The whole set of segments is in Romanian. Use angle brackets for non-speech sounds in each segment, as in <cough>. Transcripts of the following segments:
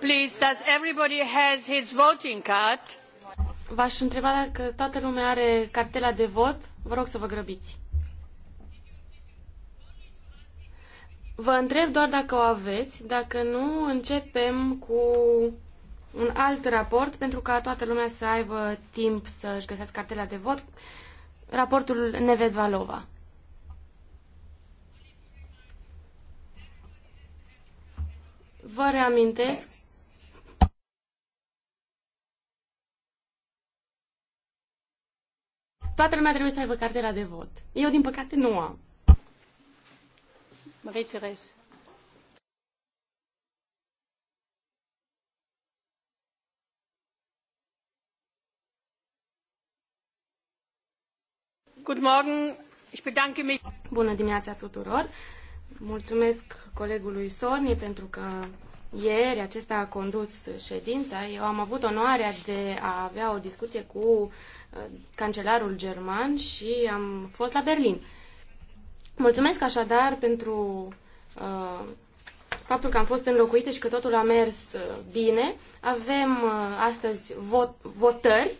Please, does everybody has his voting card? V-aș întreba dacă toată lumea are cartela de vot. Vă rog să vă grăbiți. Vă întreb doar dacă o aveți. Dacă nu, începem cu un alt raport pentru ca toată lumea să aibă timp să-și găsească cartela de vot. Raportul Nevedvalova. Vă reamintesc Toată lumea trebuie să aibă cartela de vot. Eu, din păcate, nu am. bedanke mich. Bună dimineața tuturor! Mulțumesc colegului Sorni pentru că ieri acesta a condus ședința. Eu am avut onoarea de a avea o discuție cu cancelarul german și am fost la Berlin. Mulțumesc așadar pentru uh, faptul că am fost înlocuite și că totul a mers uh, bine. Avem uh, astăzi vot, votări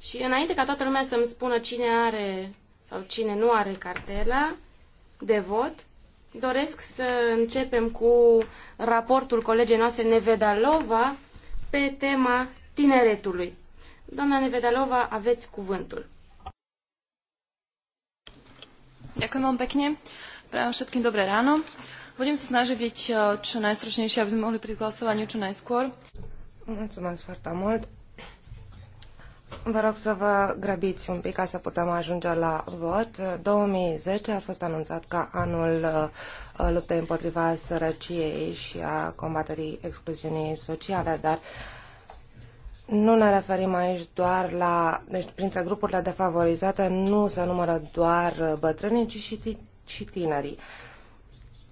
și înainte ca toată lumea să-mi spună cine are sau cine nu are cartela de vot, doresc să începem cu raportul colegei noastre Nevedalova pe tema tineretului. Doamna Nevedalova, aveți cuvântul. Ďakujem vám pekne. Prajem všetkým dobré ráno. Budem sa snažiť byť eh, čo najstručnejšie, aby sme mohli pri hlasovaniu čo najskôr. Mulțumesc foarte mult. Vă rog să vă grăbiți un pic ca să putem ajunge la vot. 2010 a fost anunțat ca anul eh, luptei împotriva sărăciei și a combaterii excluziunii sociale, dar uh, nu ne referim aici doar la, deci printre grupurile defavorizate nu se numără doar uh, bătrânii, ci și, și tinerii.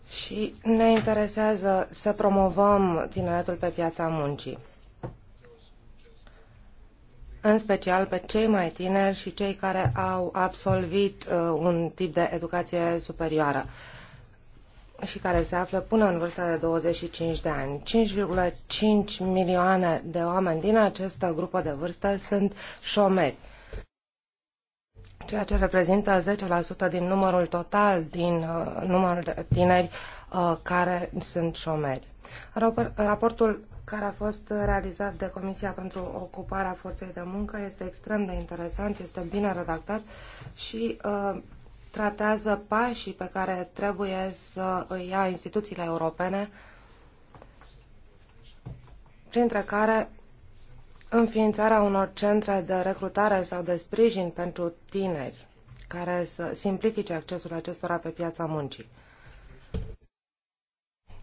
Și ne interesează să promovăm tineretul pe piața muncii. În special pe cei mai tineri și cei care au absolvit uh, un tip de educație superioară. Uh, și care se află până în vârsta de 25 de ani. 5,5 milioane de oameni din această grupă de vârstă sunt șomeri, ceea ce reprezintă 10% din numărul total din uh, numărul de tineri uh, care sunt șomeri. Raportul care a fost realizat de Comisia pentru Ocuparea Forței de Muncă este extrem de interesant, este bine redactat și uh, tratează pașii pe care trebuie să îi ia instituțiile europene, printre care înființarea unor centre de recrutare sau de sprijin pentru tineri care să simplifice accesul acestora pe piața muncii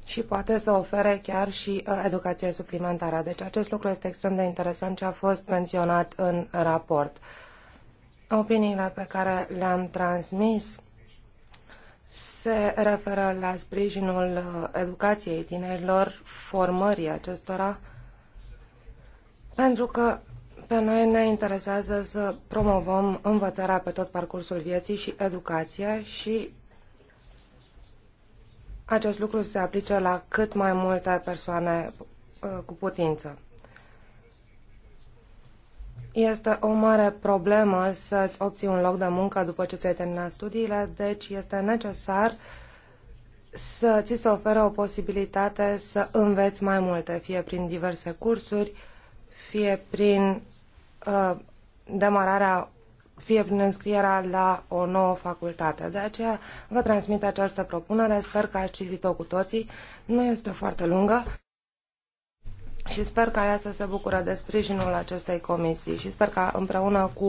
și poate să ofere chiar și uh, educație suplimentară. Deci acest lucru este extrem de interesant ce a fost menționat în raport. Opiniile pe care le-am transmis se referă la sprijinul uh, educației tinerilor, formării acestora, pentru că pe noi ne interesează să promovăm învățarea pe tot parcursul vieții și educația și acest lucru se aplică la cât mai multe persoane uh, cu putință. Este o mare problemă să-ți obții un loc de muncă după ce ți-ai terminat studiile, deci este necesar să ți se oferă o posibilitate să înveți mai multe, fie prin diverse cursuri, fie prin uh, demararea, fie prin înscrierea la o nouă facultate. De aceea vă transmit această propunere, sper că ați citit-o cu toții, nu este foarte lungă și sper ca ea să se bucure de sprijinul acestei comisii și sper ca împreună cu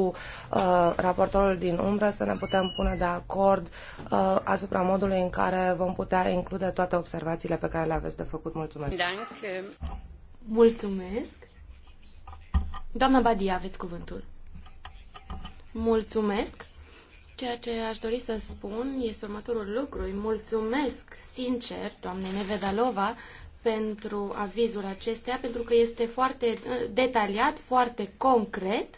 uh, raportorul din umbră să ne putem pune de acord uh, asupra modului în care vom putea include toate observațiile pe care le aveți de făcut. Mulțumesc! Mulțumesc! Doamna Badia, aveți cuvântul. Mulțumesc! Ceea ce aș dori să spun este următorul lucru. Îi mulțumesc sincer, doamnei Nevedalova, pentru avizul acestea, pentru că este foarte uh, detaliat, foarte concret.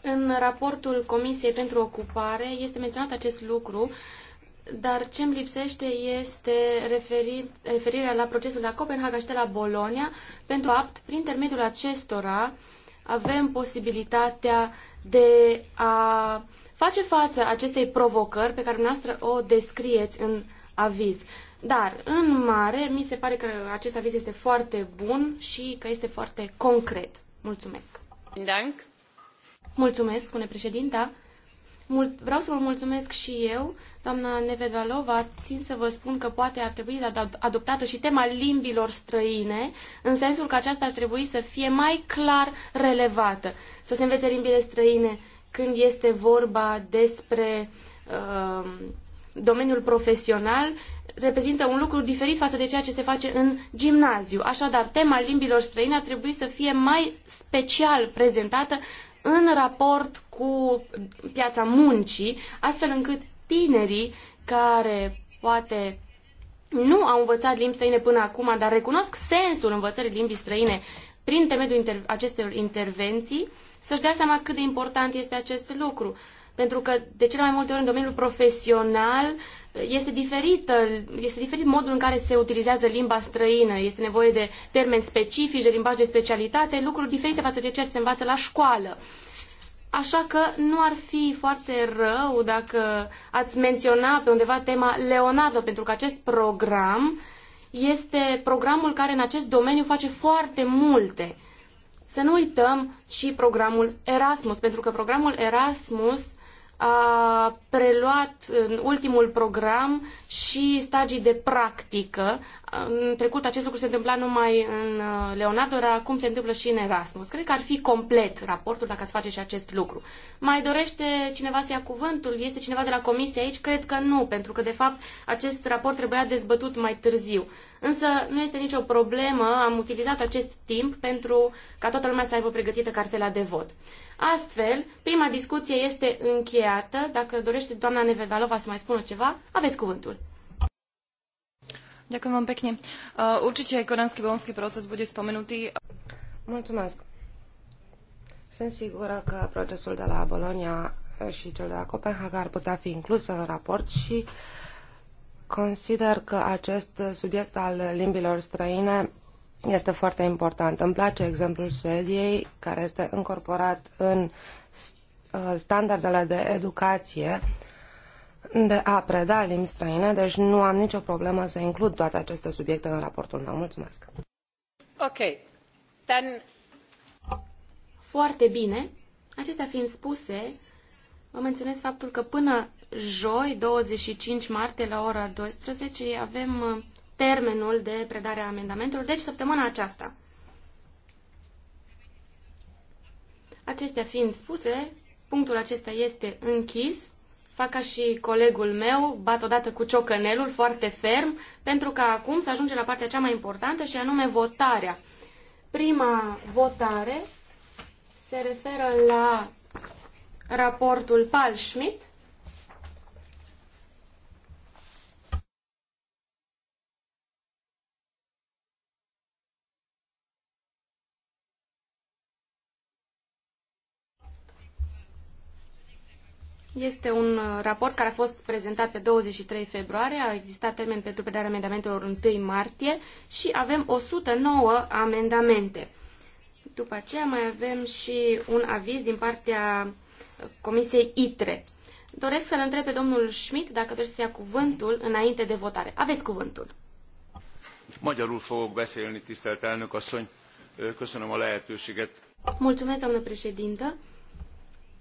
În raportul Comisiei pentru Ocupare este menționat acest lucru, dar ce îmi lipsește este referi, referirea la procesul de la Copenhaga și de la Bolonia. Pentru apt, prin intermediul acestora, avem posibilitatea de a uh, face față acestei provocări pe care noastră o descrieți în aviz. Dar, în mare, mi se pare că acest aviz este foarte bun și că este foarte concret. Mulțumesc! Dank. Mulțumesc, spune președinta. Mul- vreau să vă mulțumesc și eu, doamna Nevedalova, țin să vă spun că poate ar trebui ad- adoptată și tema limbilor străine, în sensul că aceasta ar trebui să fie mai clar relevată, să se învețe limbile străine când este vorba despre um, domeniul profesional, reprezintă un lucru diferit față de ceea ce se face în gimnaziu. Așadar, tema limbilor străine ar trebui să fie mai special prezentată în raport cu piața muncii, astfel încât tinerii care poate nu au învățat limbi străine până acum, dar recunosc sensul învățării limbii străine prin intermediul inter acestor intervenții, să-și dea seama cât de important este acest lucru. Pentru că, de cele mai multe ori, în domeniul profesional, este diferit, este diferit modul în care se utilizează limba străină. Este nevoie de termeni specifici, de limbaj de specialitate, lucruri diferite față de ceea ce se învață la școală. Așa că nu ar fi foarte rău dacă ați menționa pe undeva tema Leonardo, pentru că acest program uh, este programul care în acest domeniu face foarte multe. Să nu uităm și programul Erasmus, pentru că programul Erasmus a preluat în ultimul program și stagii de practică. În trecut acest lucru se întâmpla numai în uh, Leonardo, dar acum se întâmplă și în Erasmus. Cred că ar fi complet raportul dacă ați face și acest lucru. Mai dorește cineva să ia cuvântul? Este cineva de la comisie aici? Cred că nu, pentru că de fapt acest raport trebuia dezbătut mai târziu. Însă nu este nicio problemă, am utilizat acest timp pentru ca toată lumea să aibă pregătită cartela de vot. Astfel, prima discuție este încheiată. Dacă dorește doamna Nevedalova să mai spună ceva, aveți cuvântul. Ďakujem vám pekne. Uh, určite konanský bolonský proces bude spomenutý. Mulțumesc. Sunt sigură că procesul de la Bologna și cel de la Copenhaga ar putea fi inclus în raport și consider că acest subiect al limbilor străine este foarte important. Îmi place exemplul Suediei, care este încorporat în uh, standardele de educație de a preda limbi străine, deci nu am nicio problemă să includ toate aceste subiecte în raportul meu. Mulțumesc! Ok. Then... Foarte bine. Acestea fiind spuse, vă menționez faptul că până joi, 25 martie, la ora 12, avem uh, termenul de predare a amendamentelor, deci săptămâna aceasta. Acestea fiind spuse, punctul acesta este închis. Fac ca și colegul meu, bat odată cu ciocănelul foarte ferm, pentru că acum să ajunge la partea cea mai importantă și anume votarea. Prima votare se referă la raportul Paul Schmidt, Este un uh, raport care a fost prezentat pe 23 februarie, a existat termen pentru predarea amendamentelor 1 martie și avem 109 amendamente. După aceea mai avem și un aviz din partea uh, Comisiei ITRE. Doresc să-l întreb pe domnul Schmidt dacă dorește să ia cuvântul înainte de votare. Aveți cuvântul. Magyarul fogok beszélni, tisztelt elnök asszony. Köszönöm a lehetőséget. Mulțumesc, doamnă președintă.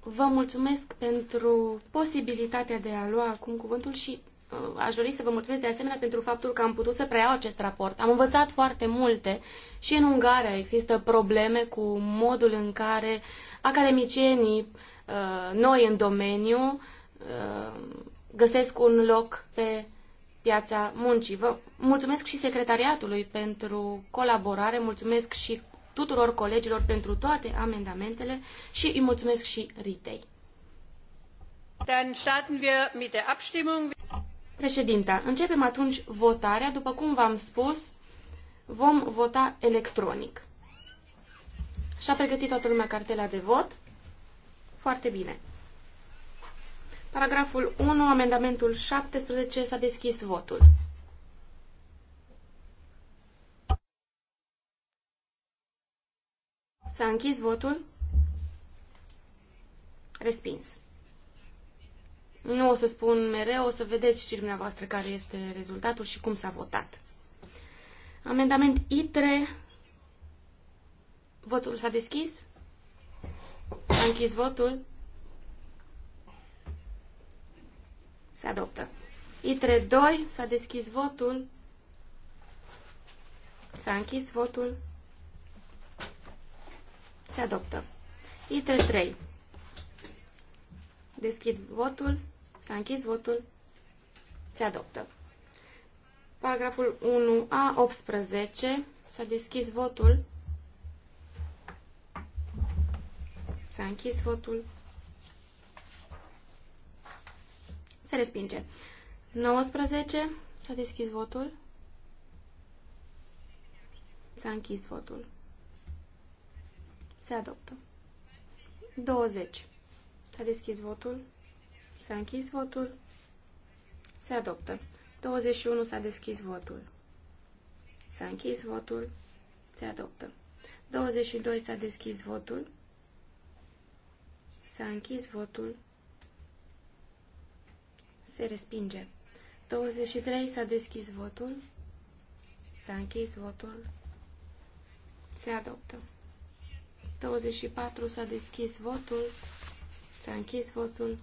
Vă mulțumesc pentru posibilitatea de a lua acum cuvântul și uh, aș dori să vă mulțumesc de asemenea pentru faptul că am putut să preiau acest raport. Am învățat foarte multe și în Ungaria există probleme cu modul în care academicienii uh, noi în domeniu uh, găsesc un loc pe piața muncii. Vă mulțumesc și secretariatului pentru colaborare, mulțumesc și tuturor colegilor pentru toate amendamentele și îi mulțumesc și Ritei. Dann starten wir mit der Abstimmung. Președinta, începem atunci votarea. După cum v-am spus, vom vota electronic. Și-a pregătit toată lumea cartela de vot. Foarte bine. Paragraful 1, amendamentul 17, s-a deschis votul. S-a închis votul. Respins. Nu o să spun mereu, o să vedeți și dumneavoastră care este rezultatul și cum s-a votat. Amendament ITRE. Votul s-a deschis. S-a închis votul. Se adoptă. ITRE 2. S-a deschis votul. S-a închis votul. Se adoptă. ITRE 3. Deschid votul. S-a închis votul. Se adoptă. Paragraful 1A, 18. S-a deschis votul. S-a închis votul. Se respinge. 19. S-a deschis votul. S-a închis votul. Se adoptă. 20. S-a deschis votul. S-a închis votul. Se adoptă. 21. S-a deschis votul. S-a închis votul. Se adoptă. 22. S-a deschis votul. S-a închis votul. Se respinge. 23. S-a deschis votul. S-a închis votul. Se adoptă. 24 s-a deschis votul, s-a închis votul,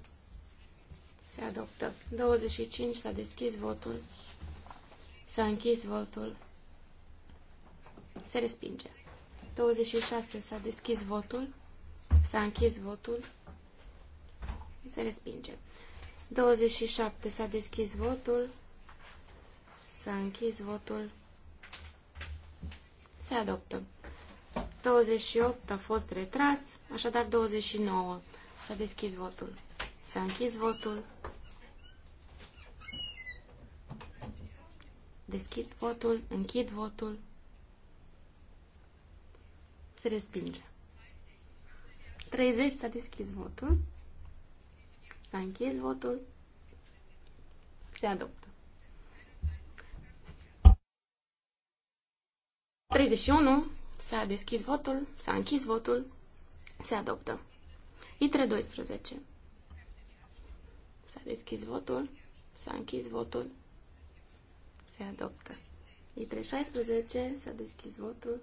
se adoptă. 25 s-a deschis votul, s-a închis votul, se respinge. 26 s-a deschis votul, s-a închis votul, se respinge. 27 s-a deschis votul, s-a închis votul, se adoptă. 28 a fost retras, așadar 29. S-a deschis votul. S-a închis votul. Deschid votul, închid votul. Se respinge. 30 s-a deschis votul. S-a închis votul. Se adoptă. 31 S-a deschis votul, s-a închis votul, se adoptă. ITRE 12. S-a deschis votul, s-a închis votul, se adoptă. ITRE 16. S-a deschis votul,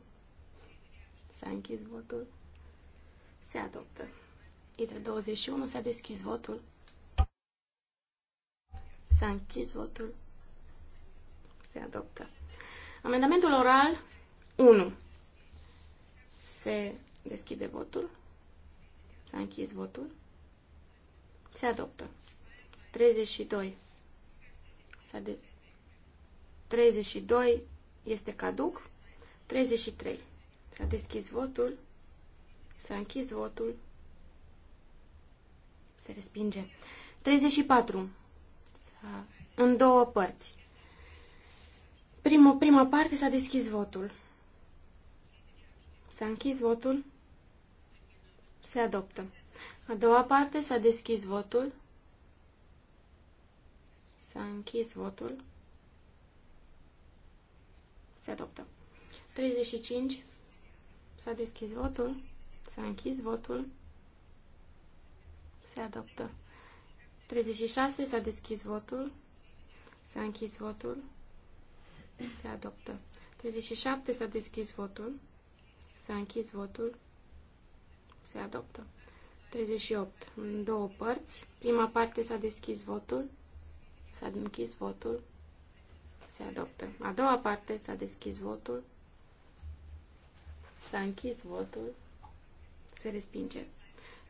s-a închis votul, se adoptă. ITRE 21. S-a deschis votul, s-a închis votul, se adoptă. Amendamentul oral 1. Se deschide votul. S-a închis votul. Se adoptă. 32. S-a de... 32 este caduc. 33. S-a deschis votul. S-a închis votul. Se respinge. 34. În două părți. Primul, prima parte s-a deschis votul. S-a închis votul. Se adoptă. A doua parte s-a deschis votul. S-a închis votul. Se adoptă. 35. S-a deschis votul. S-a închis votul. Se adoptă. 36. S-a deschis votul. S-a închis votul. Se adoptă. 37. S-a deschis votul. S-a închis votul. Se adoptă. 38. În două părți. Prima parte s-a deschis votul. S-a închis votul. Se adoptă. A doua parte s-a deschis votul. S-a închis votul. Se respinge.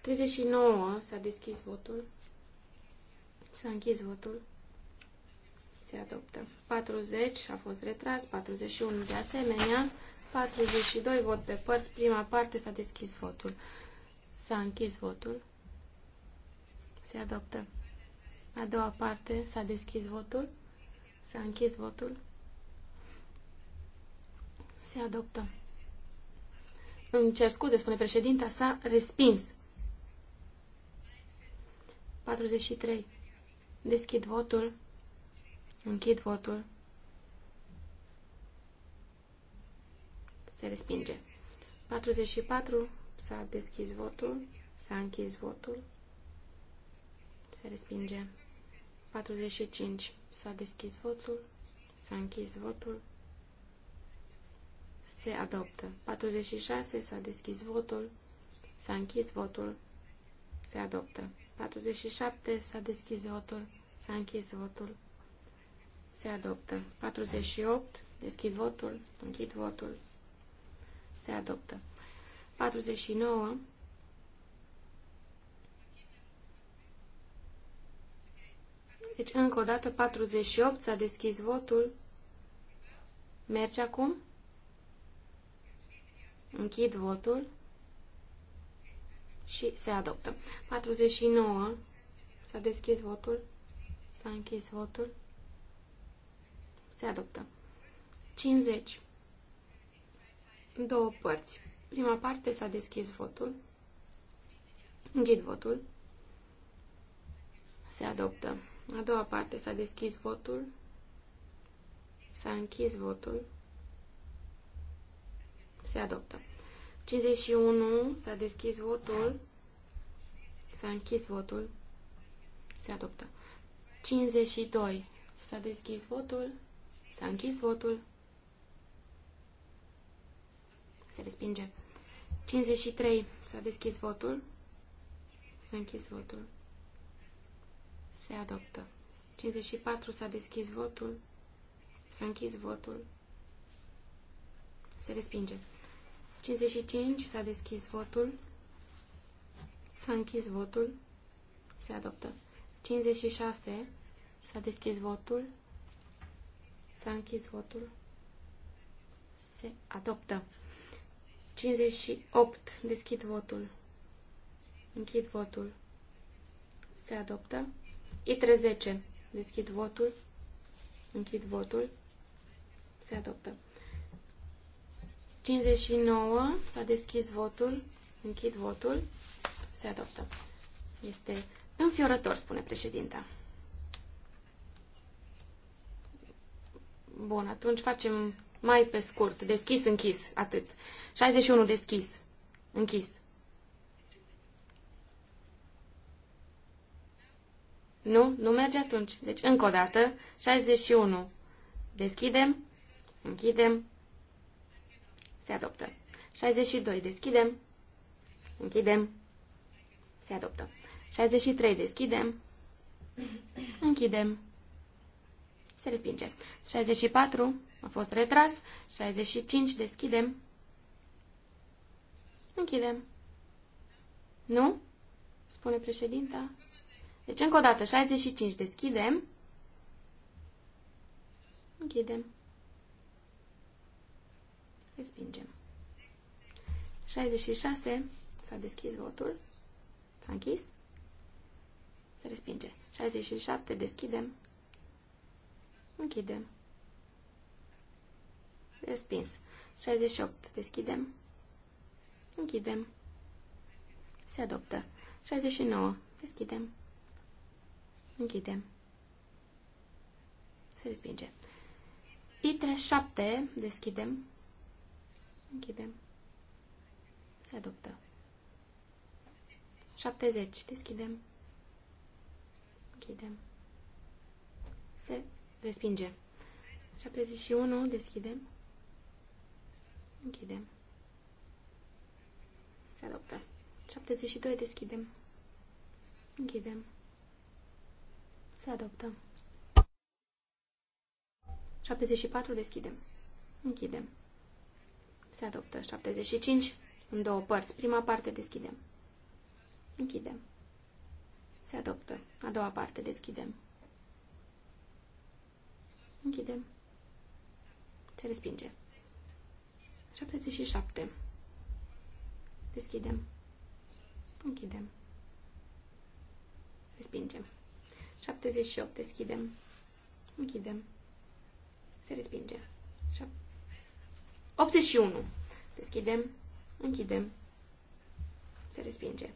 39. S-a deschis votul. S-a închis votul. Se adoptă. 40 a fost retras. 41 de asemenea. 42 vot pe părți. Prima parte s-a deschis votul. S-a închis votul. Se adoptă. A doua parte s-a deschis votul. S-a închis votul. Se adoptă. Îmi cer scuze, spune președinta, s-a respins. 43. Deschid votul. Închid votul. Se respinge. 44. S-a deschis votul. S-a închis votul. Se respinge. 45. S-a deschis votul. S-a închis votul. Se adoptă. 46. S-a deschis votul. S-a închis votul. Se adoptă. 47. S-a deschis votul. S-a închis votul. Se adoptă. 48. Deschid votul. Închid votul se adoptă. 49 Deci, încă o dată, 48 s-a deschis votul. Merge acum? Închid votul și se adoptă. 49 s-a deschis votul. S-a închis votul. Se adoptă. 50 două părți. Prima parte s-a deschis votul. Închid votul. Se adoptă. A doua parte s-a deschis votul. S-a închis votul. Se adoptă. 51 s-a deschis votul. S-a închis votul. Se adoptă. 52 s-a deschis votul. S-a închis votul se respinge. 53. S-a deschis votul. S-a închis votul. Se adoptă. 54. S-a deschis votul. S-a închis votul. Se respinge. 55. S-a deschis votul. S-a închis votul. Se adoptă. 56. S-a deschis votul. S-a închis votul. Se adoptă. 58. Deschid votul. Închid votul. Se adoptă. ITRE 10. Deschid votul. Închid votul. Se adoptă. 59. S-a deschis votul. Închid votul. Se adoptă. Este înfiorător, spune președinta. Bun, atunci facem mai pe scurt. Deschis, închis. Atât. 61 deschis. Închis. Nu? Nu merge atunci. Deci, încă o dată, 61. Deschidem, închidem, se adoptă. 62. Deschidem, închidem, se adoptă. 63. Deschidem, închidem, se respinge. 64. A fost retras. 65. Deschidem, Închidem. Nu? Spune președinta. Deci încă o dată, 65. Deschidem. Închidem. Respingem. 66. S-a deschis votul. S-a închis. Se respinge. 67. Deschidem. Închidem. Respins. 68. Deschidem. Închidem. Se adoptă. 69. Deschidem. Închidem. Se respinge. ITRE 7. Deschidem. Închidem. Se adoptă. 70. Deschidem. Închidem. Se respinge. 71. Deschidem. Închidem. Se adoptă. 72. Deschidem. Închidem. Se adoptă. 74. Deschidem. Închidem. Se adoptă. 75. În două părți. Prima parte deschidem. Închidem. Se adoptă. A doua parte deschidem. Închidem. Se respinge. 77. Deschidem. Închidem. Respingem. 78. Deschidem. Închidem. Se respinge. 81. Deschidem. Închidem. Se respinge.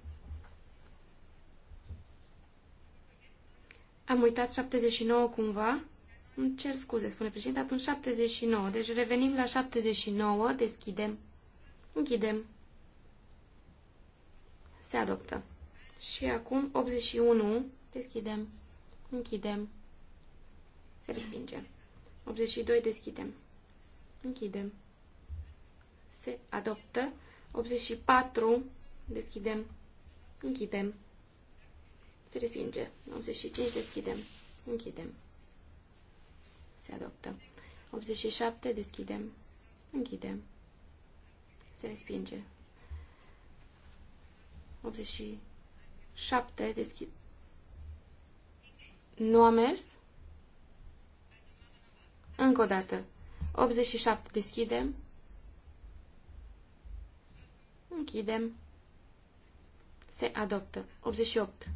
Am uitat 79 cumva. Îmi cer scuze, spune președinte. Atunci 79. Deci revenim la 79. Deschidem. Închidem. Se adoptă. Și acum 81. Deschidem. Închidem. Se respinge. 82. Deschidem. Închidem. Se adoptă. 84. Deschidem. Închidem. Se respinge. 85. Deschidem. Închidem. Se adoptă. 87. Deschidem. Închidem. Se respinge. 87, deschid. Nu a mers? Încă o dată. 87, deschidem. Închidem. Se adoptă. 88,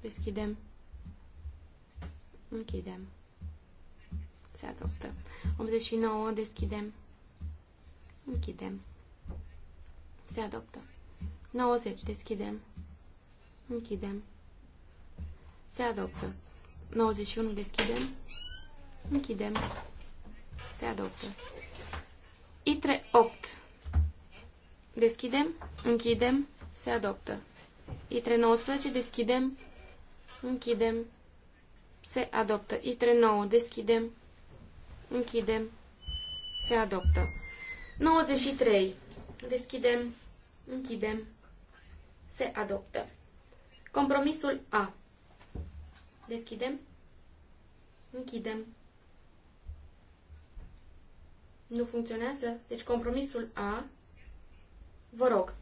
deschidem. Închidem. Se adoptă. 89, deschidem. Închidem. Se adoptă. 90. Deschidem. Închidem. Se adoptă. 91. Deschidem. Închidem. Se adoptă. ITRE 8. Deschidem. Închidem. Se adoptă. ITRE 19. Deschidem. Închidem. Se adoptă. ITRE 9. Deschidem. Închidem. Se adoptă. 93. Deschidem. Închidem. Se adoptă. Compromisul A. Deschidem. Închidem. Nu funcționează? Deci compromisul A. Vă rog.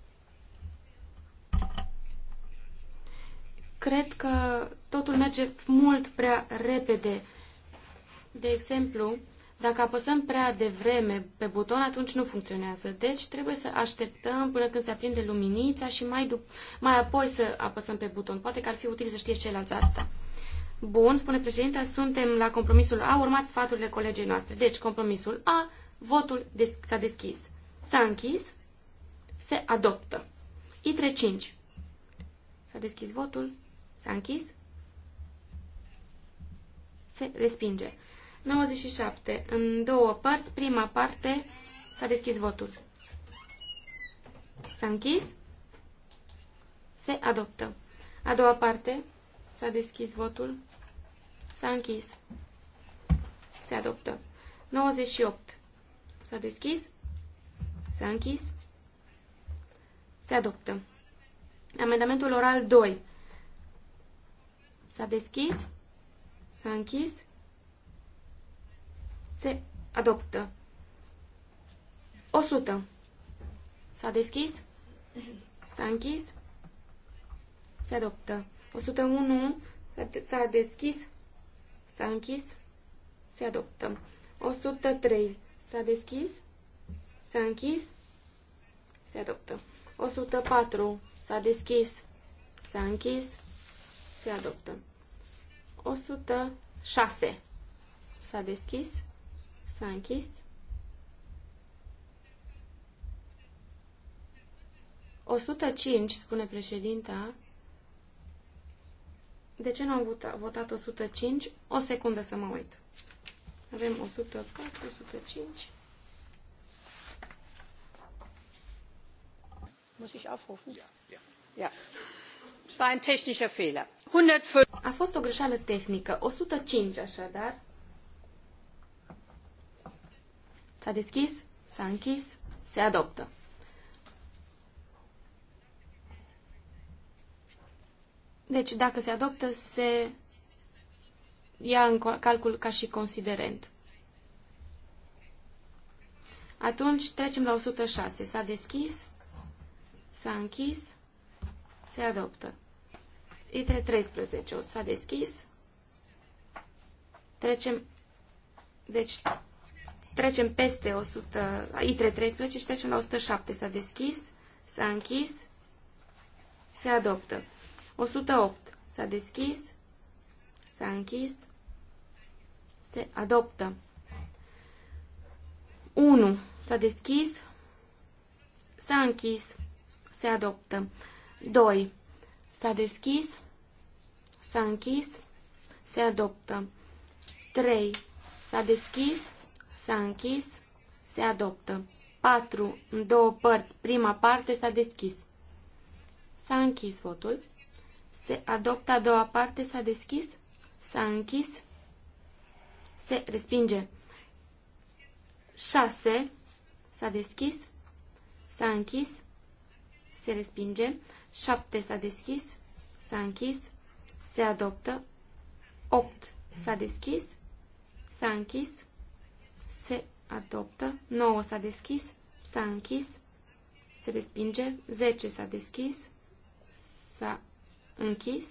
Cred că totul merge mult prea repede. De exemplu, dacă apăsăm prea devreme pe buton, atunci nu funcționează. Deci trebuie să așteptăm până când se aprinde luminița și mai, dup- mai apoi să apăsăm pe buton. Poate că ar fi util să știe ceilalți asta. Bun, spune președinta, suntem la compromisul A, urmați sfaturile colegii noastre. Deci, compromisul A, votul des- s-a deschis. S-a închis, se adoptă. ITRE 5. S-a deschis votul, s-a închis, se respinge. 97. În două părți, prima parte s-a deschis votul. S-a închis. Se adoptă. A doua parte s-a deschis votul. S-a închis. Se adoptă. 98. S-a deschis. S-a închis. Se adoptă. Amendamentul oral 2. S-a deschis. S-a închis. Se adoptă. 100. S-a deschis? S-a închis? Se adoptă. 101. S-a deschis? S-a închis? Se adoptă. 103. S-a deschis? S-a închis? Se adoptă. 104. S-a deschis? S-a închis? Se adoptă. 106. S-a deschis? S-a închis. O cinci, spune președinta. De ce nu am votat, 105? O secundă să mă uit. Avem 104, 105. Muss ich aufrufen? Ja. ja. ja. Es war ein technischer Fehler. 105. A fost o greșeală tehnică. 105 așadar. S-a deschis, s-a închis, se adoptă. Deci, dacă se adoptă, se ia în calcul ca și considerent. Atunci trecem la 106. S-a deschis, s-a închis, se adoptă. Între 13 s-a deschis. Trecem, deci Trecem peste 100, ITRE 13 și trecem la 107. S-a deschis, s-a închis, se adoptă. 108. S-a deschis, s-a închis, se adoptă. 1. S-a deschis, s-a închis, se adoptă. 2. S-a deschis, s-a închis, se adoptă. 3. S-a deschis, S-a închis. Se adoptă. 4 în două părți. Prima parte s-a deschis. S-a închis votul. Se adoptă a doua parte s-a deschis. S-a închis. Se respinge. 6 s-a deschis. S-a închis. Se respinge. 7 s-a deschis. S-a închis. Se adoptă. 8 s-a deschis. S-a închis adoptă, 9 s-a deschis, s-a închis, se respinge, 10 s-a deschis, s-a închis,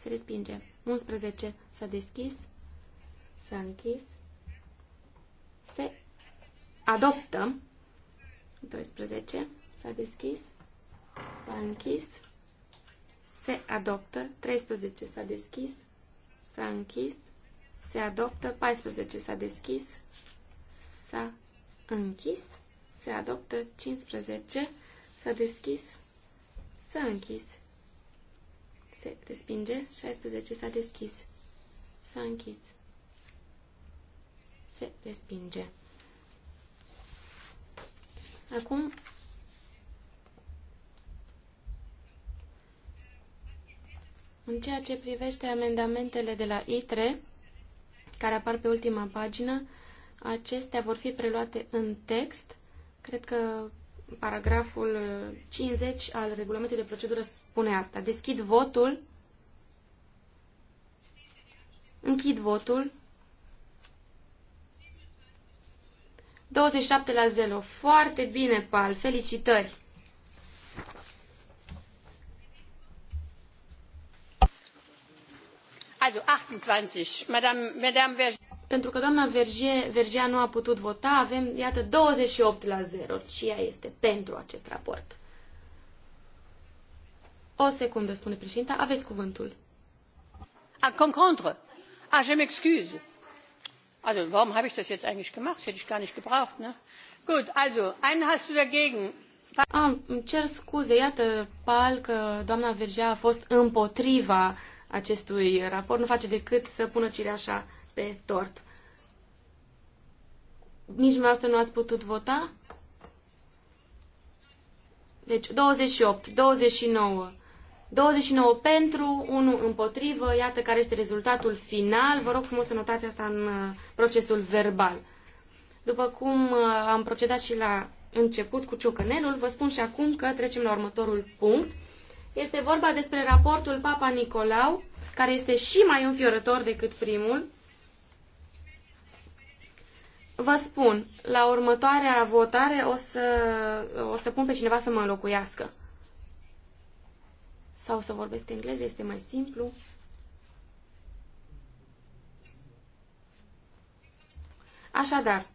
se respinge, 11 s-a deschis, s-a închis, se adoptă, 12 s-a deschis, s-a închis, se adoptă, 13 s-a deschis, s-a închis, se adoptă, 14 s-a deschis, s-a închis, se adoptă, 15 s-a deschis, s-a închis, se respinge, 16 s-a deschis, s-a închis, se respinge. Acum În ceea ce privește amendamentele de la ITRE, care apar pe ultima pagină, acestea vor fi preluate în text. Cred că paragraful 50 uh, al regulamentului de procedură spune asta. Deschid votul. Închid votul. 27 la 0. Foarte bine, Pal. Felicitări! Pentru că doamna Vergier, Vergier nu a putut vota, avem, iată, 28 la 0 și ea este pentru acest raport. O secundă, spune președinta, aveți cuvântul. Acum ah, contre. Ah, je m'excuse. Also, warum habe ich das jetzt eigentlich gemacht? Hätte ich gar nicht gebraucht, ne? Gut, also, einen hast du dagegen. Am, ah, îmi cer scuze, iată, pal că doamna Vergea a fost împotriva acestui raport nu face decât să pună cireașa pe tort. Nici dumneavoastră nu ați putut vota? Deci 28, 29, 29 pentru, 1 împotrivă, iată care este rezultatul final. Vă rog frumos să notați asta în uh, procesul verbal. După cum uh, am procedat și la început cu ciocănelul, vă spun și acum că trecem la următorul punct. Este vorba despre raportul Papa Nicolau, care este și mai înfiorător decât primul. Vă spun, la următoarea votare o să, o să pun pe cineva să mă înlocuiască. Sau să vorbesc engleză, este mai simplu. Așadar,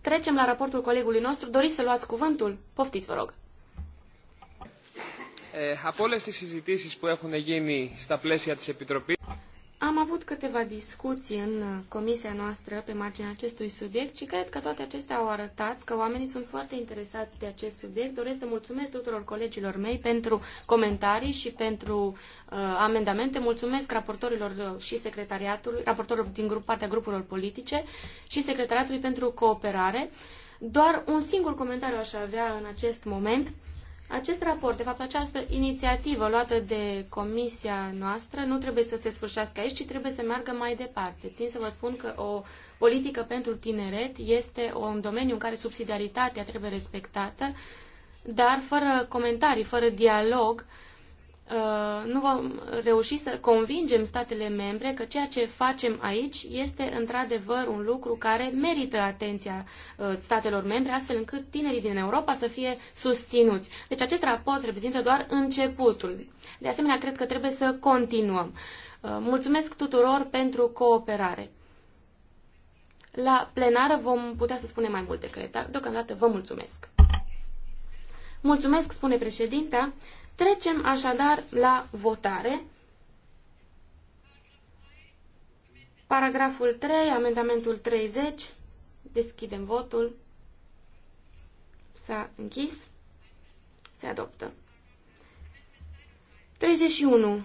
trecem la raportul colegului nostru. Doriți să luați cuvântul? Poftiți, vă rog. Eh, από όλες τις συζητήσεις που έχουν γίνει στα πλαίσια της Επιτροπής... Am avut câteva discuții în comisia noastră pe marginea acestui subiect și cred că toate acestea au arătat că oamenii sunt foarte interesați de acest subiect. Doresc să mulțumesc tuturor colegilor mei pentru comentarii și pentru uh, amendamente. Mulțumesc raportorilor și secretariatului, raportorilor din grup, partea grupurilor politice și secretariatului pentru cooperare. Doar un singur comentariu aș avea în acest moment. Uh, acest raport, de fapt această inițiativă luată de comisia noastră nu trebuie să se sfârșească aici, ci trebuie să meargă mai departe. Țin să vă spun că o politică pentru tineret este un domeniu în care subsidiaritatea trebuie respectată, dar fără comentarii, fără dialog, uh, Uh, nu vom reuși să convingem statele membre că ceea ce facem aici este într-adevăr un lucru care merită atenția uh, statelor membre, astfel încât tinerii din Europa să fie susținuți. Deci acest raport reprezintă doar începutul. De asemenea, cred că trebuie să continuăm. Uh, mulțumesc tuturor pentru cooperare. La plenară vom putea să spunem mai multe, cred, dar deocamdată vă mulțumesc. Mulțumesc, spune președinta. Trecem așadar la votare. Paragraful 3, amendamentul 30. Deschidem votul. S-a închis. Se adoptă. 31.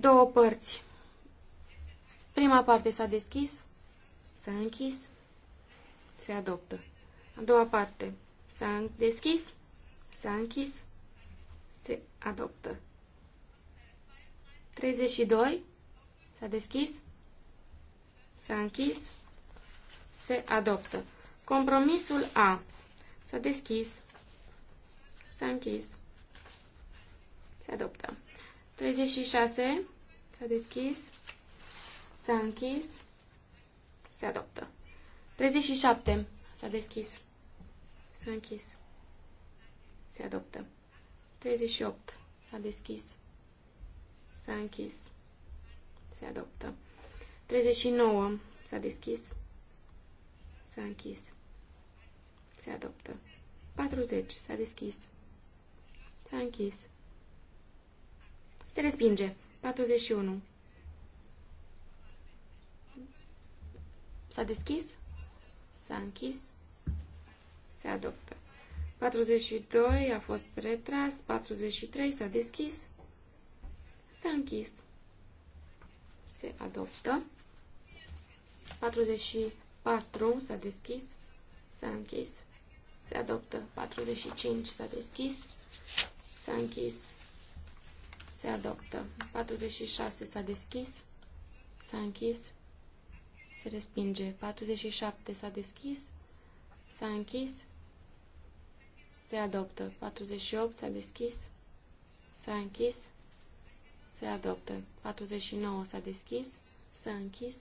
Două părți. Prima parte s-a deschis. S-a închis. Se adoptă. A doua parte s-a deschis. S-a închis. Se adoptă. 32. S-a deschis. S-a închis. Se adoptă. Compromisul A. S-a deschis. S-a închis. Se adoptă. 36. S-a deschis. S-a închis. Se adoptă. 37. S-a deschis. S-a închis. Se adoptă. 38. S-a deschis. S-a închis. Se adoptă. 39. S-a deschis. S-a închis. Se adoptă. 40. S-a deschis. S-a închis. Se respinge. 41. S-a deschis. S-a închis. Se adoptă. 42 a fost retras, 43 s-a deschis, s-a închis, se adoptă, 44 s-a deschis, s-a închis, se adoptă, 45 s-a deschis, s-a închis, se adoptă, 46 s-a deschis, s-a închis, se respinge, 47 s-a deschis, s-a închis, se adoptă. 48. S-a deschis. S-a închis. Se adoptă. 49. S-a deschis. S-a închis.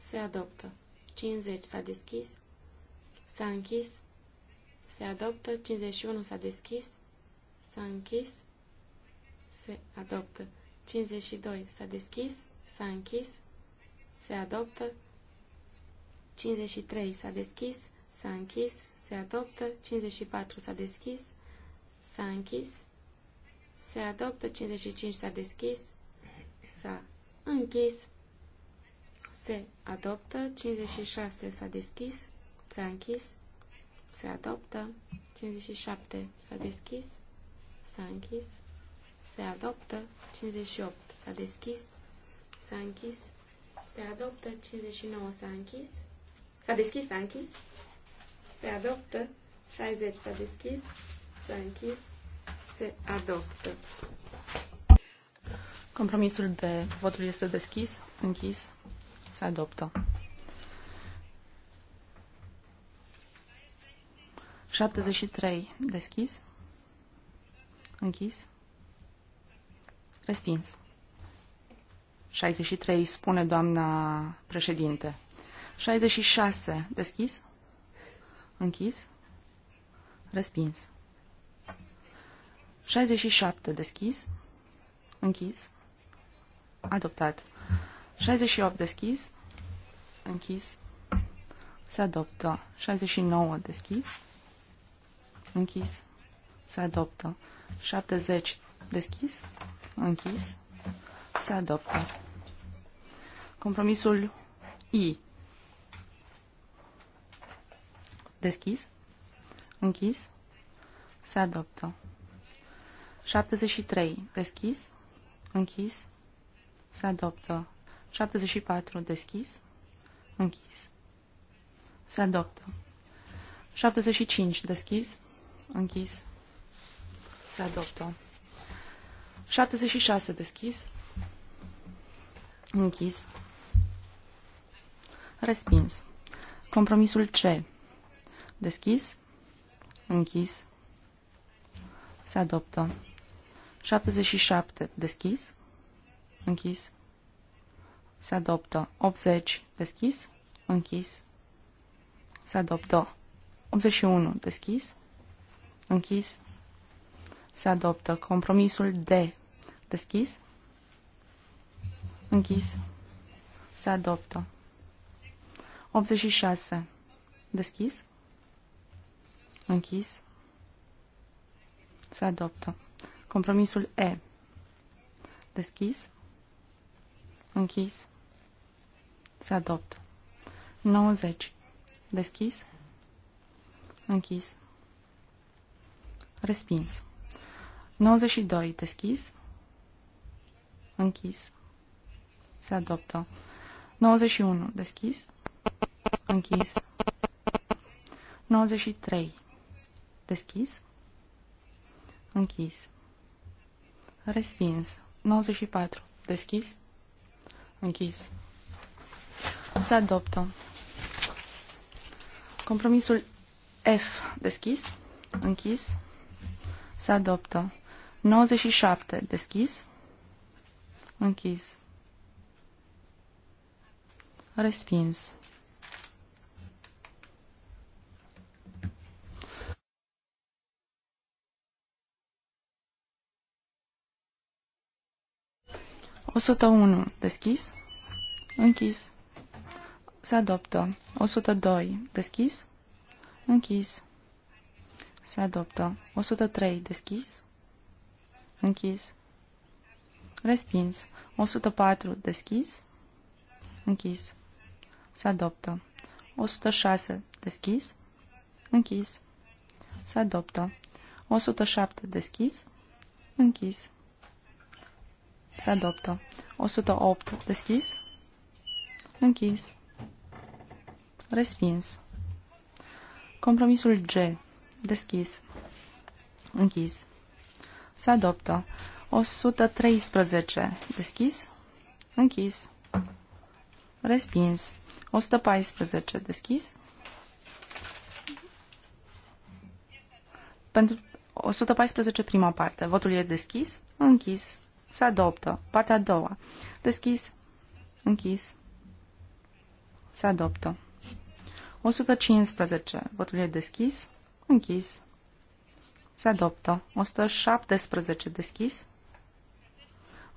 Se adoptă. 50. S-a deschis. S-a închis. Se adoptă. 51. S-a deschis. S-a închis. Se adoptă. 52. S-a deschis. S-a închis. Se adoptă. 53. S-a deschis. S-a închis se adoptă. 54 s-a deschis, s-a închis, se adoptă. 55 s-a deschis, s-a închis, se adoptă. 56 s-a deschis, s-a închis, se adoptă. 57 s-a deschis, s-a închis, se adoptă. 58 s-a deschis, s-a închis, se adoptă. 59 s-a închis, s-a deschis, s-a închis, se adoptă, 60 s-a deschis, s-a închis, se adoptă. Compromisul de votul este deschis, închis, se adoptă. 73 deschis, închis, respins. 63 spune doamna președinte. 66 deschis, Închis. Respins. 67 deschis. Închis. Adoptat. 68 deschis. Închis. Se adoptă. 69 deschis. Închis. Se adoptă. 70 deschis. Închis. Se adoptă. Compromisul I Deschis. Închis. Se adoptă. 73. Deschis. Închis. Se adoptă. 74. Deschis. Închis. Se adoptă. 75. Deschis. Închis. Se adoptă. 76. Deschis. Închis. Respins. Compromisul C. Deschis. Închis. Se adoptă. 77. Deschis. Închis. Se adoptă. 80. Deschis. Închis. Se adoptă. 81. Deschis. Închis. Se adoptă. Compromisul D. Deschis. Închis. Se adoptă. 86. Deschis. Închis. Se adoptă. Compromisul E. Deschis. Închis. Se adoptă. 90. Deschis. Închis. Respins. 92. Deschis. Închis. Se adoptă. 91. Deschis. Închis. 93. Deschis. Închis. Respins. 94. Deschis. Închis. Se adoptă. Compromisul F. Deschis. Închis. Se adoptă. 97. Deschis. Închis. Respins. 101. Deschis. Închis. Se adoptă. 102. Deschis. Închis. Se adoptă. 103. Deschis. Închis. Respins. 104. Deschis. Închis. Se adoptă. 106. Deschis. Închis. Se adoptă. 107. Deschis. Închis. Se adoptă. 108 deschis, închis, respins. Compromisul G deschis, închis, se adoptă. 113 deschis, închis, respins. 114 deschis. Pentru 114 prima parte, votul e deschis, închis se adoptă. Partea a doua. Deschis. Închis. Se adoptă. 115. Votul e deschis. Închis. Se adoptă. 117 deschis.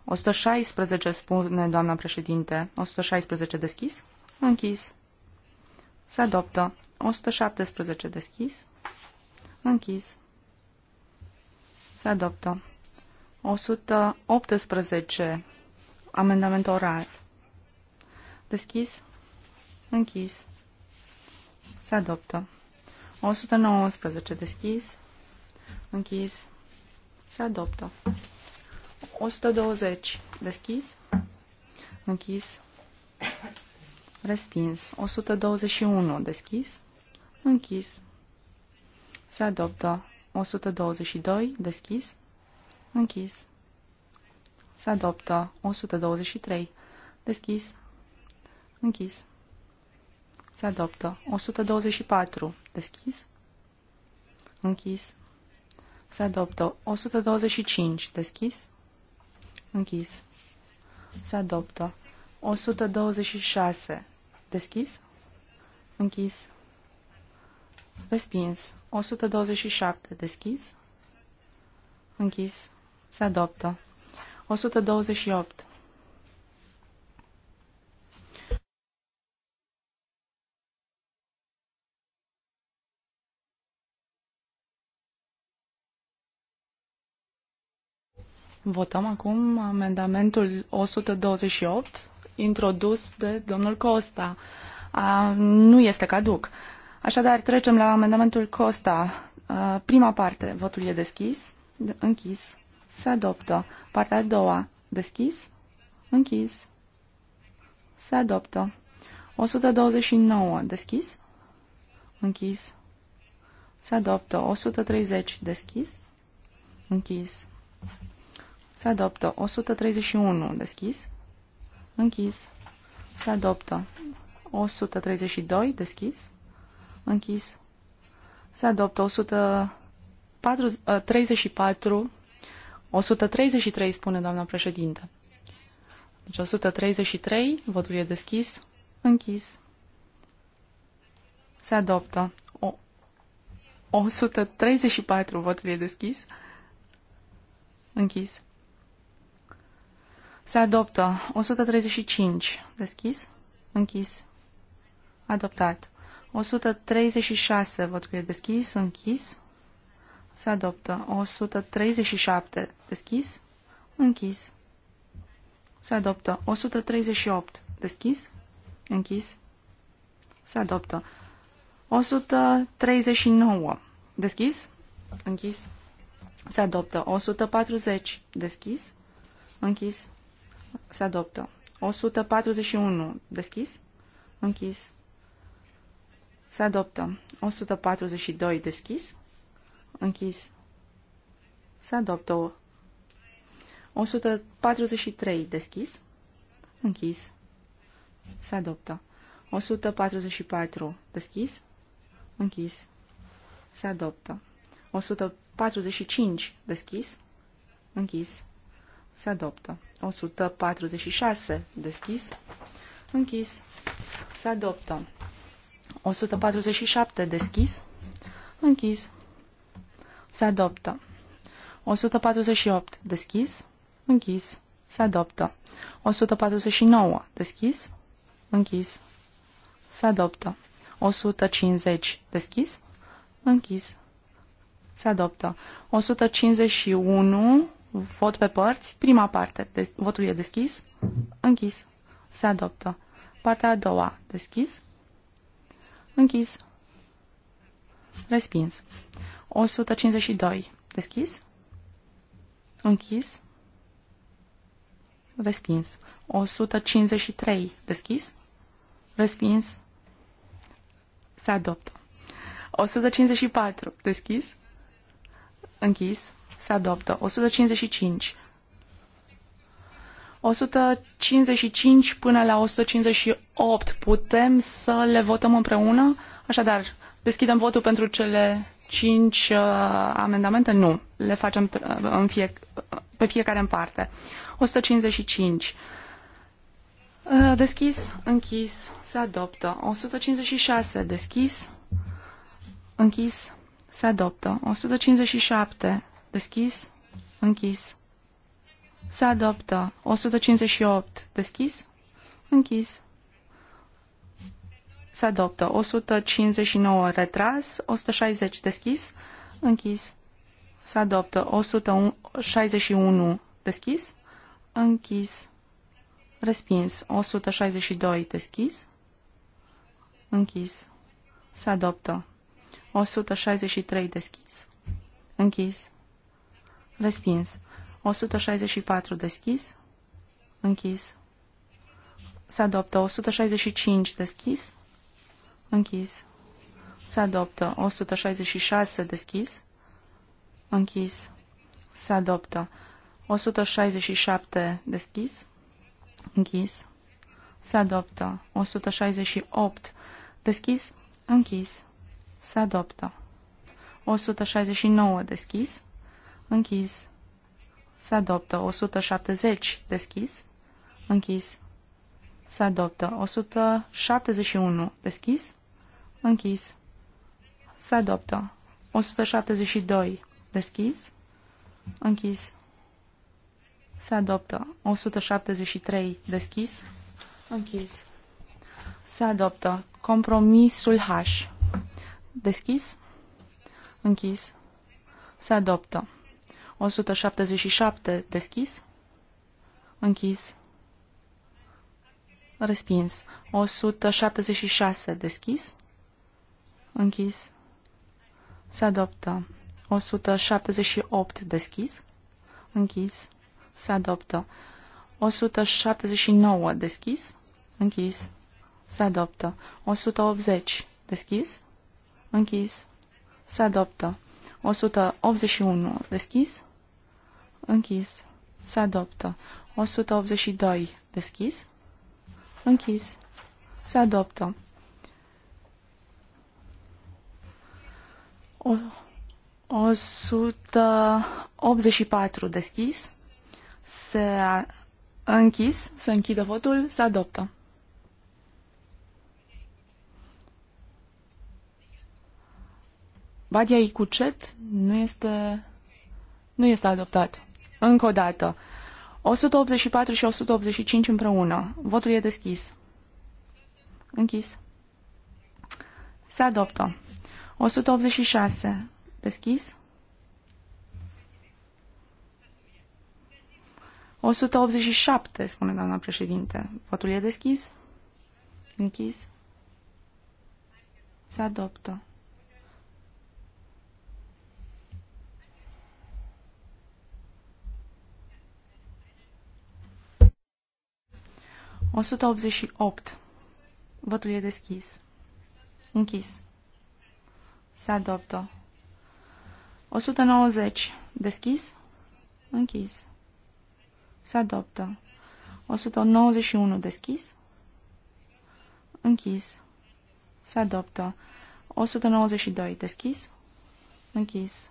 116 spune doamna președinte. 116 deschis. Închis. Se adoptă. 117 deschis. Închis. Se adoptă. 118. Amendament oral. Deschis. Închis. Se adoptă. 119. Deschis. Închis. Se adoptă. 120. Deschis. Închis. Respins. 121. Deschis. Închis. Se adoptă. 122. Deschis. Închis. Se adoptă. 123. Deschis. Închis. Se adoptă. 124. Deschis. Închis. Se adoptă. 125. Deschis. Închis. Se adoptă. 126. Deschis. Închis. Respins. 127. Deschis. Închis. Se adoptă. 128. Votăm acum amendamentul 128, introdus de domnul Costa. A, nu este caduc. Așadar, trecem la amendamentul Costa. A, prima parte, votul e deschis, închis. Se adoptă. Partea a doua. Deschis. Închis. Se adoptă. 129. Deschis. Închis. Se adoptă. 130. Deschis. Închis. Se adoptă. 131. Deschis. Închis. Se adoptă. 132. Deschis. Închis. Se adoptă. 134. 133, spune doamna președinte. Deci 133, votul e deschis, închis. Se adoptă. O, 134, votul e deschis, închis. Se adoptă. 135, deschis, închis, adoptat. 136, votul e deschis, închis, se adoptă. 137, Deschis. Închis. Se adoptă. 138. Deschis. Închis. Se adoptă. 139. Deschis. Închis. Se adoptă. 140. Deschis. Închis. Se adoptă. 141. Deschis. Închis. Se adoptă. 142. Deschis. Închis. Se adoptă. 143 deschis, închis, se adoptă. 144 deschis, închis, se adoptă. 145 deschis, închis, se adoptă. 146 deschis, închis, se adoptă. 147 deschis, închis, se adoptă. 148 deschis, închis, se adoptă. 149, deschis, închis, se adoptă. 150, deschis, închis, se adoptă. 151, vot pe părți, prima parte, de- votul e deschis, închis, se adoptă. Partea a doua, deschis, închis, respins. 152, deschis, închis, Respins. 153. Deschis. Respins. Se adoptă. 154. Deschis. Închis. Se adoptă. 155. 155 până la 158 putem să le votăm împreună? Așadar, deschidem votul pentru cele uh, amendamente, nu, le facem pe, uh, în fie, pe fiecare în parte. 155. Uh, deschis, închis, se adoptă. 156. Deschis, închis, se adoptă. 157. Deschis, închis, se adoptă. 158. Deschis, închis, se adoptă. 159 retras, 160 deschis, închis, se adoptă. 161 deschis, închis, respins. 162 deschis, închis, se adoptă. 163 deschis, închis, respins. 164 deschis, închis, se adoptă. 165 deschis, Închis. Se adoptă. 166 deschis. Închis. Se adoptă. 167 deschis. Închis. Se adoptă. 168 deschis. Închis. Se adoptă. 169 deschis. Închis. Se adoptă. 170 deschis. Închis. Se adoptă. 171 deschis. Închis. Se adoptă. 172. Deschis. Închis. Se adoptă. 173. Deschis. Închis. Se adoptă. Compromisul H. Deschis. Închis. Se adoptă. 177. Deschis. Închis. Respins. 176. Deschis. Închis. Se adoptă. 178 deschis. Închis. Se adoptă. 179 deschis. Închis. Se adoptă. 180 deschis. Închis. Se adoptă. 181 deschis. Închis. Se adoptă. 182 deschis. Închis. Se adoptă. O, 184 deschis. Se a, închis. Se închide votul. Se adoptă. Badia Icucet nu este, nu este adoptat. Încă o dată. 184 și 185 împreună. Votul e deschis. Închis. Se adoptă. 186. Deschis. 187, spune doamna președinte. Votul e deschis? Închis? Se adoptă. O sută optzeci și opt. Votul e deschis. Închis. Se adoptă. 190. Deschis. Închis. Se adoptă. 191. Deschis. Închis. Se adoptă. 192. Deschis. Închis.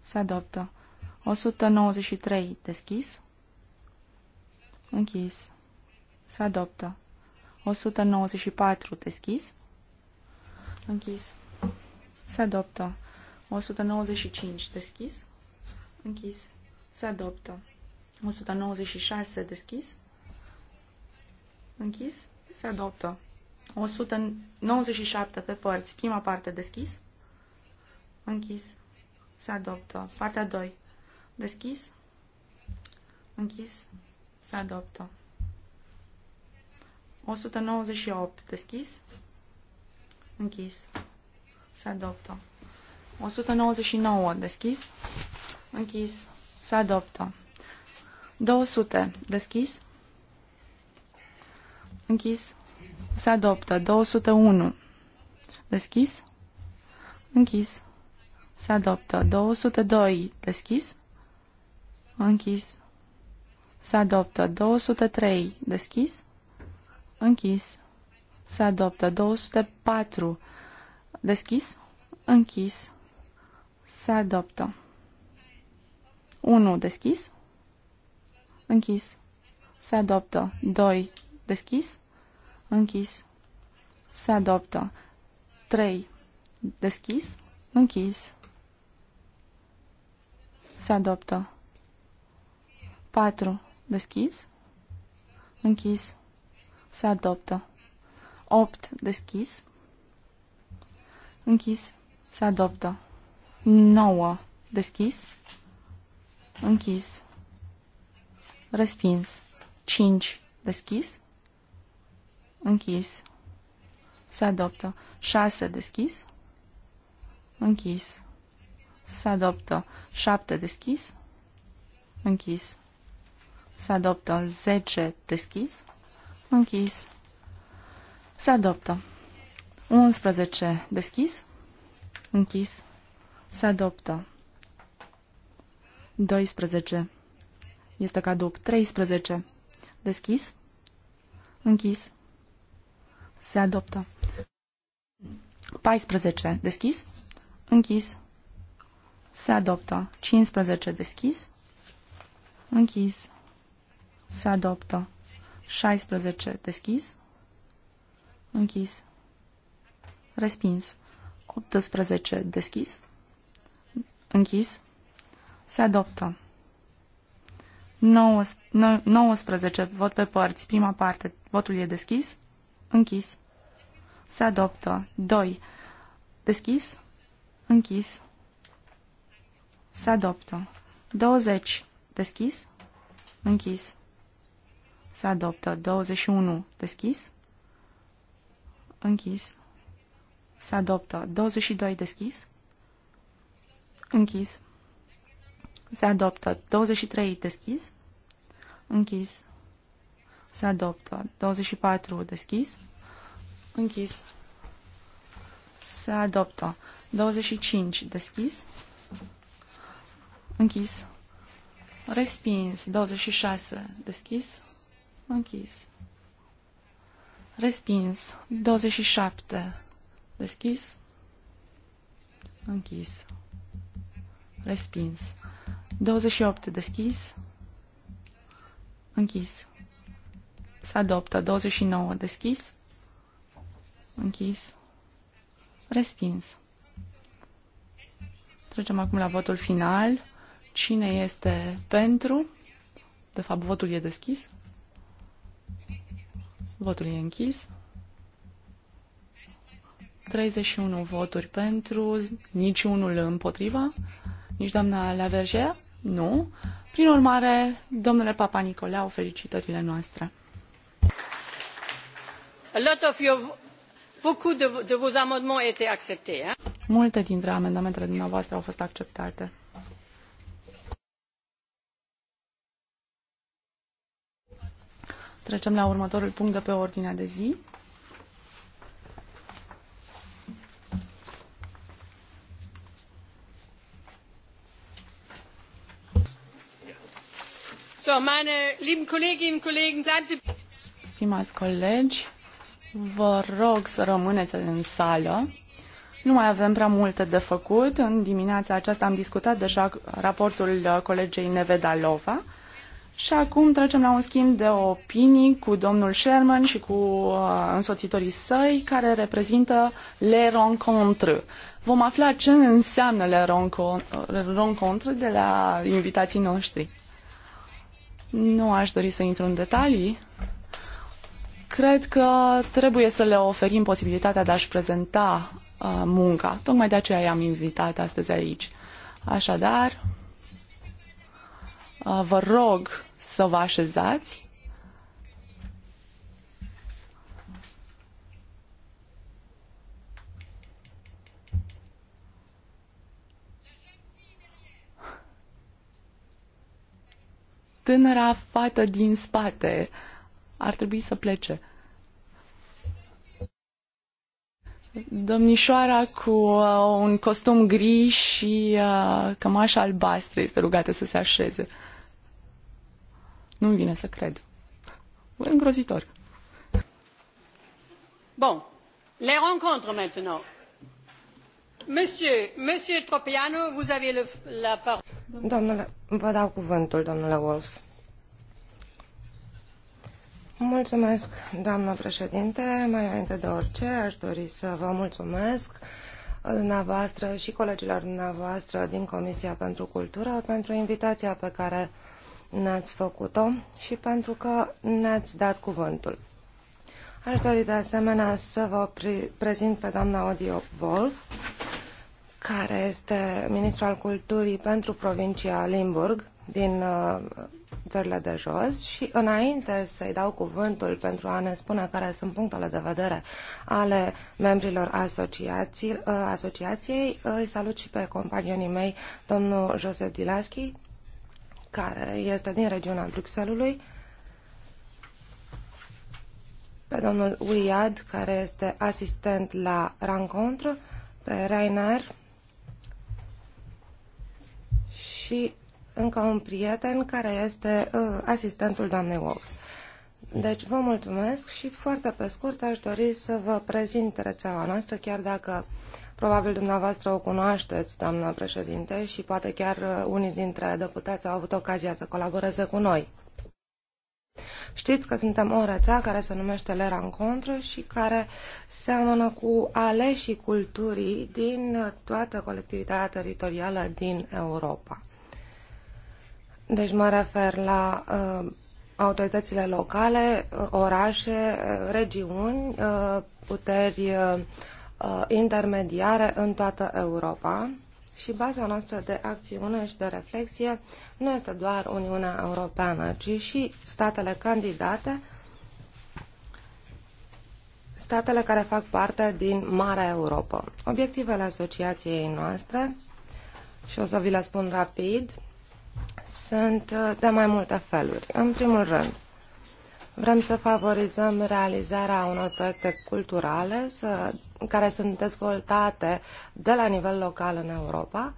Se adoptă. 193. Deschis. Închis. Se adoptă. 194. Deschis. Închis. Se adoptă. 195. Deschis. Închis. Se adoptă. 196. Deschis. Închis. Se adoptă. 197 pe părți. Prima parte deschis. Închis. Se adoptă. Partea 2. Deschis. Închis. Se adoptă. 198. Deschis. Închis. Se adoptă. 199. Deschis. Închis. Se adoptă. 200. Deschis. Închis. Se adoptă. 201. Deschis. Închis. Se adoptă. 202. Deschis. Închis. Se adoptă. 203. Deschis. Închis se adoptă. 204 deschis, închis, se adoptă. 1 deschis, închis, se adoptă. 2 deschis, închis, se adoptă. 3 deschis, închis, se adoptă. 4 deschis, închis, se adoptă. 8 deschis. Închis. Se adoptă. 9 deschis. Închis. Respins. 5 deschis. Închis. Se adoptă. 6 deschis. Închis. Se adoptă. 7 deschis. Închis. Se adoptă. 10 deschis. Închis se adoptă. 11. Deschis. Închis. Se adoptă. 12. Este caduc. 13. Deschis. Închis. Se adoptă. 14. Deschis. Închis. Se adoptă. 15. Deschis. Închis. Se adoptă. 16. Deschis. Închis. Respins. 18. Deschis. Închis. Se adoptă. 19. Vot pe părți. Prima parte. Votul e deschis. Închis. Se adoptă. 2. Deschis. Închis. Se adoptă. 20. Deschis. Închis. Se adoptă. 21. Deschis închis, se adoptă. 22 deschis, închis, se adoptă. 23 deschis, închis, se adoptă. 24 deschis, închis, se adoptă. 25 deschis, închis, respins. 26 deschis, închis Respins. 27. Deschis. Închis. Respins. 28. Deschis. Închis. Se adoptă. 29. Deschis. Închis. Respins. Trecem acum la votul final. Cine este pentru? De fapt, votul e deschis. Votul e închis. 31 voturi pentru, niciunul împotriva, nici doamna Laverger, nu. Prin urmare, domnule Papa Nicolau, felicitările noastre. A lot of your, beaucoup de, de vos amendements étaient acceptés. Hein? Multe dintre amendamentele dumneavoastră au fost acceptate. Trecem la următorul punct de pe ordinea de zi. So, meine lieben Kolleginnen und Kollegen, bleiben Sie... Stimați colegi, vă rog să rămâneți în sală. Nu mai avem prea multe de făcut. În dimineața aceasta am discutat deja raportul colegei Nevedalova. Și acum trecem la un schimb de opinii cu domnul Sherman și cu uh, însoțitorii săi, care reprezintă Le Rencontre. Vom afla ce înseamnă Le uh, Rencontre de la invitații noștri. Nu aș dori să intru în detalii. Cred că trebuie să le oferim posibilitatea de a-și prezenta uh, munca. Tocmai de aceea i-am invitat astăzi aici. Așadar, Uh, vă rog să vă așezați. Tânăra fată din spate ar trebui să plece. Domnișoara cu uh, un costum gri și uh, cămașă albastră este rugată să se așeze. Nu-mi vine să cred. Îngrozitor. Bun. Les rencontres maintenant. Monsieur, Monsieur Tropiano, vous avez le, la parole. Domnule, vă dau cuvântul, domnule Wolfs. Mulțumesc, doamnă președinte. Mai înainte de orice, aș dori să vă mulțumesc uh, dumneavoastră și colegilor dumneavoastră din Comisia pentru Cultură pentru invitația pe care n-ați făcut-o și pentru că ne-ați dat cuvântul. Aș dori de asemenea să vă prezint pe doamna Odio Wolf, care este ministru al culturii pentru provincia Limburg din uh, țările de jos și înainte să-i dau cuvântul pentru a ne spune care sunt punctele de vedere ale membrilor uh, asociației, îi salut și pe companionii mei, domnul Jose Dilaschi, care este din regiunea Bruxellesului, pe domnul Uriad, care este asistent la Rancontre, pe Rainer și încă un prieten care este uh, asistentul doamnei Wolfs. Deci vă mulțumesc și foarte pe scurt aș dori să vă prezint rețeaua noastră, chiar dacă uh, Probabil dumneavoastră o cunoașteți, doamnă președinte, și poate chiar uh, unii dintre deputați au avut ocazia să colaboreze cu noi. Știți că suntem o rețea care se numește Le Rencontre și care seamănă cu aleșii culturii din toată colectivitatea teritorială din Europa. Deci mă refer la uh, autoritățile locale, uh, orașe, uh, regiuni, uh, puteri uh, uh, intermediare în toată Europa și baza noastră de acțiune și de reflexie nu este doar Uniunea Europeană, ci și statele candidate, statele care fac parte din Marea Europa. Obiectivele asociației noastre, și o să vi le spun rapid, sunt de mai multe feluri. În primul rând, Vrem să favorizăm realizarea unor proiecte culturale să, care sunt dezvoltate de la nivel local în Europa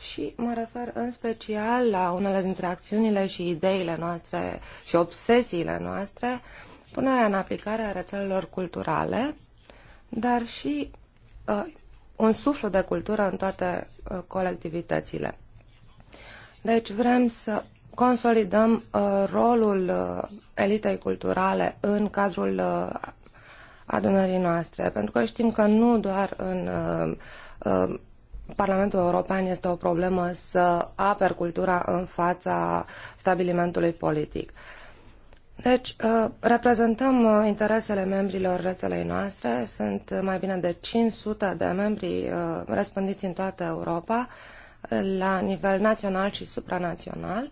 și mă refer în special la unele dintre acțiunile și ideile noastre și obsesiile noastre, punerea în aplicare a rețelelor culturale, dar și uh, un suflu de cultură în toate uh, colectivitățile. Deci vrem să consolidăm uh, rolul uh, elitei culturale în cadrul uh, adunării noastre, pentru că știm că nu doar în uh, uh, Parlamentul European este o problemă să aper cultura în fața stabilimentului politic. Deci, reprezentăm interesele membrilor rețelei noastre, sunt mai bine de 500 de membri răspândiți în toată Europa, la nivel național și supranațional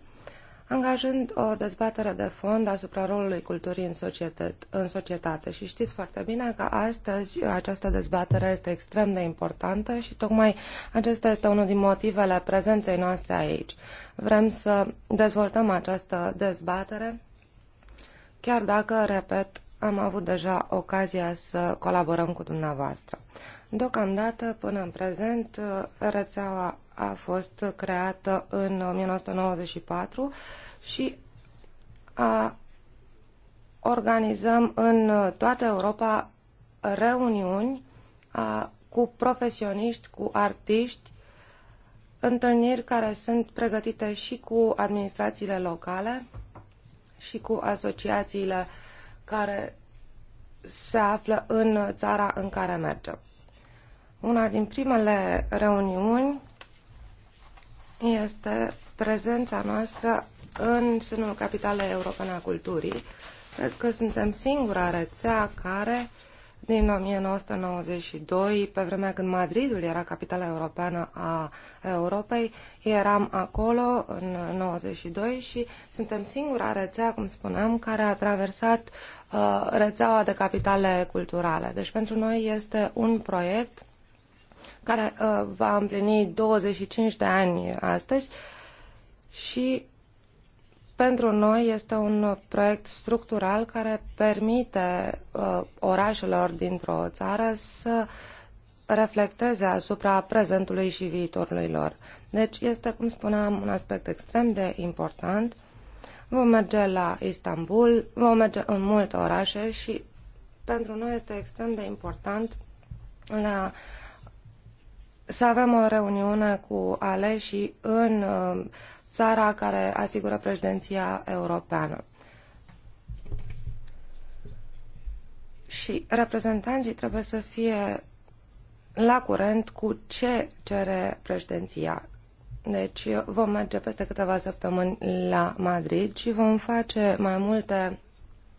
angajând o dezbatere de fond asupra rolului culturii în, societate, în societate. Și știți foarte bine că astăzi această dezbatere este extrem de importantă și tocmai acesta este unul din motivele prezenței noastre aici. Vrem să dezvoltăm această dezbatere, chiar dacă, repet, am avut deja ocazia să colaborăm cu dumneavoastră. Deocamdată, până în prezent, rețeaua a fost creată în 1994 și a, organizăm în toată Europa reuniuni a, cu profesioniști, cu artiști, întâlniri care sunt pregătite și cu administrațiile locale și cu asociațiile care se află în țara în care mergem. Una din primele reuniuni este prezența noastră în sânul Capitalei Europene a Culturii. Cred că suntem singura rețea care, din 1992, pe vremea când Madridul era capitala europeană a Europei, eram acolo în 92 și suntem singura rețea, cum spuneam, care a traversat uh, rețeaua de capitale culturale. Deci pentru noi este un proiect care uh, va împlini 25 de ani astăzi și pentru noi este un proiect structural care permite uh, orașelor dintr-o țară să reflecteze asupra prezentului și viitorului lor. Deci este, cum spuneam, un aspect extrem de important. Vom merge la Istanbul, vom merge în multe orașe și pentru noi este extrem de important la uh, să avem o reuniune cu aleșii în uh, țara care asigură președinția europeană. Și reprezentanții trebuie să fie la curent cu ce cere președinția. Deci vom merge peste câteva săptămâni la Madrid și vom face mai multe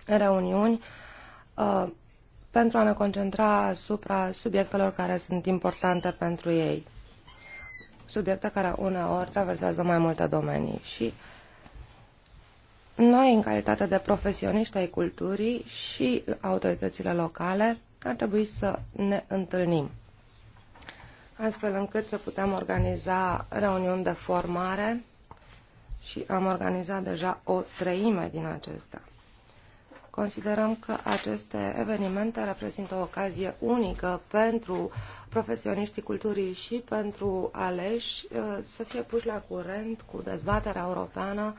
reuniuni uh, pentru a ne concentra asupra subiectelor care sunt importante pentru ei. Subiecte care uneori traversează mai multe domenii și noi, în calitate de profesioniști ai culturii și autoritățile locale, ar trebui să ne întâlnim astfel încât să putem organiza reuniuni de formare și am organizat deja o treime din acestea. Considerăm că aceste evenimente reprezintă o ocazie unică pentru profesioniștii culturii și pentru aleși uh, să fie puși la curent cu dezbaterea europeană,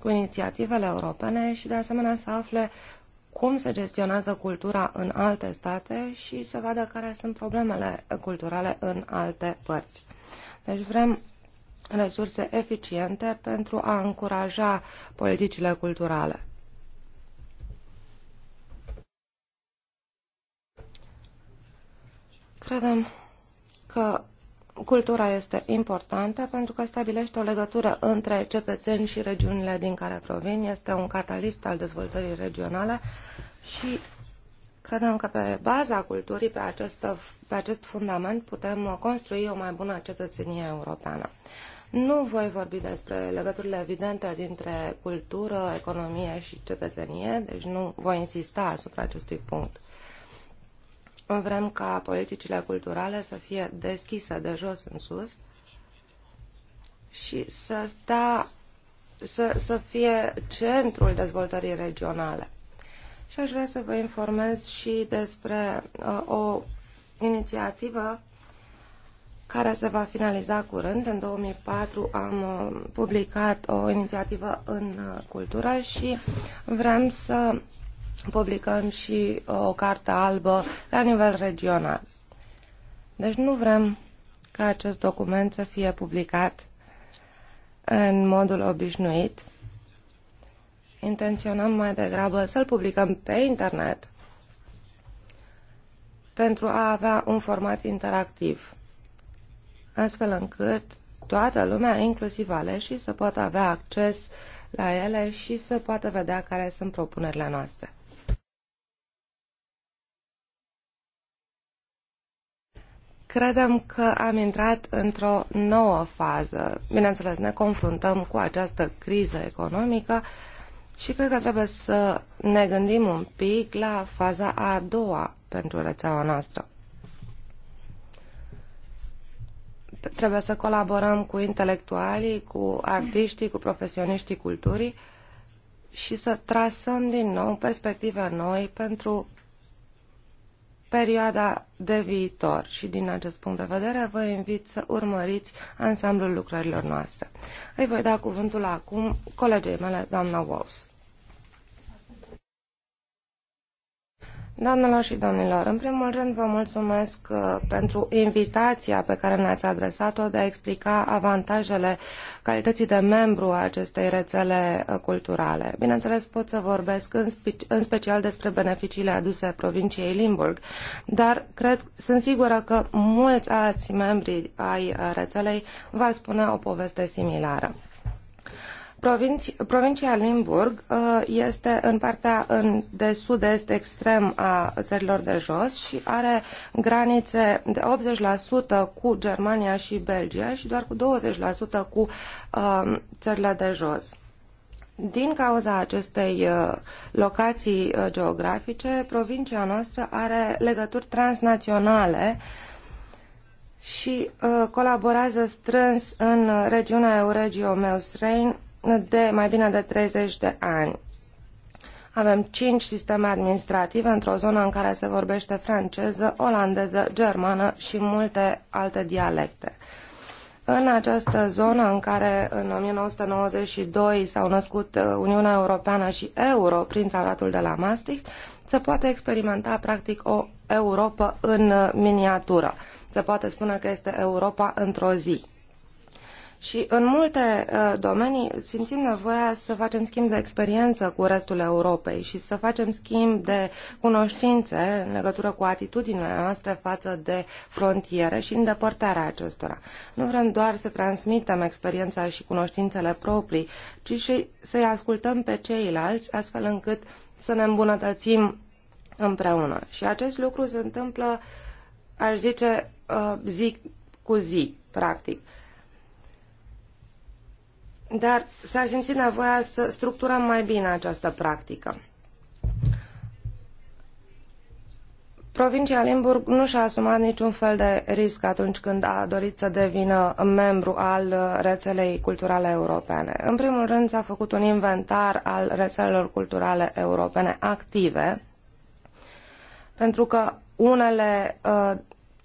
cu inițiativele europene și de asemenea să afle cum se gestionează cultura în alte state și să vadă care sunt problemele culturale în alte părți. Deci vrem resurse eficiente pentru a încuraja politicile culturale. Credem că cultura este importantă pentru că stabilește o legătură între cetățeni și regiunile din care provin, este un catalist al dezvoltării regionale și credem că pe baza culturii, pe, acest, pe acest fundament, putem construi o mai bună cetățenie europeană. Nu voi vorbi despre legăturile evidente dintre cultură, economie și cetățenie, deci nu voi insista asupra acestui punct. Vrem ca politicile culturale să fie deschise de jos în sus și să stea să, să fie centrul dezvoltării regionale. Și aș vrea să vă informez și despre uh, o inițiativă care se va finaliza curând. În 2004 am uh, publicat o inițiativă în uh, cultură și vrem să publicăm și uh, o carte albă la nivel regional. Deci nu vrem ca acest document să fie publicat în modul obișnuit. Intenționăm mai degrabă să-l publicăm pe internet pentru a avea un format interactiv, astfel încât toată lumea, inclusiv aleșii, să poată avea acces la ele și să poată vedea care sunt propunerile noastre. credem că am intrat într-o nouă fază. Bineînțeles, ne confruntăm cu această criză economică și cred că trebuie să ne gândim un pic la faza a doua pentru rețeaua noastră. Trebuie să colaborăm cu intelectualii, cu artiștii, cu profesioniștii culturii și să trasăm din nou perspective noi pentru perioada de viitor și din acest punct de vedere vă invit să urmăriți ansamblul lucrărilor noastre. Îi voi da cuvântul acum colegei mele, doamna Wolfs. Doamnelor și domnilor, în primul rând vă mulțumesc uh, pentru invitația pe care ne-ați adresat-o de a explica avantajele calității de membru a acestei rețele uh, culturale. Bineînțeles, pot să vorbesc în, în special despre beneficiile aduse provinciei Limburg, dar cred, sunt sigură că mulți alți membri ai uh, rețelei v-ar spune o poveste similară. Provincia Limburg uh, este în partea de sud-est extrem a țărilor de jos și are granițe de 80% cu Germania și Belgia și doar cu 20% cu um, țările de jos. Din cauza acestei uh, locații uh, geografice, provincia noastră are legături transnaționale și colaborează strâns în regiunea Euregio Meusrein de mai bine de 30 de ani. Avem cinci sisteme administrative într-o zonă în care se vorbește franceză, olandeză, germană și multe alte dialecte. În această zonă în care în 1992 s-au născut uh, Uniunea Europeană și euro prin tratatul de la Maastricht, se poate experimenta practic o Europa în uh, miniatură. Se poate spune că este Europa într-o zi. Și în multe uh, domenii simțim nevoia să facem schimb de experiență cu restul Europei și să facem schimb de cunoștințe în legătură cu atitudinile noastre față de frontiere și îndepărtarea acestora. Nu vrem doar să transmitem experiența și cunoștințele proprii, ci și să-i ascultăm pe ceilalți astfel încât să ne îmbunătățim împreună. Și acest lucru se întâmplă, aș zice, uh, zi cu zi, practic dar s-a simțit nevoia să structurăm mai bine această practică. Provincia Limburg nu și-a asumat niciun fel de risc atunci când a dorit să devină membru al rețelei culturale europene. În primul rând s-a făcut un inventar al rețelelor culturale europene active, pentru că unele uh,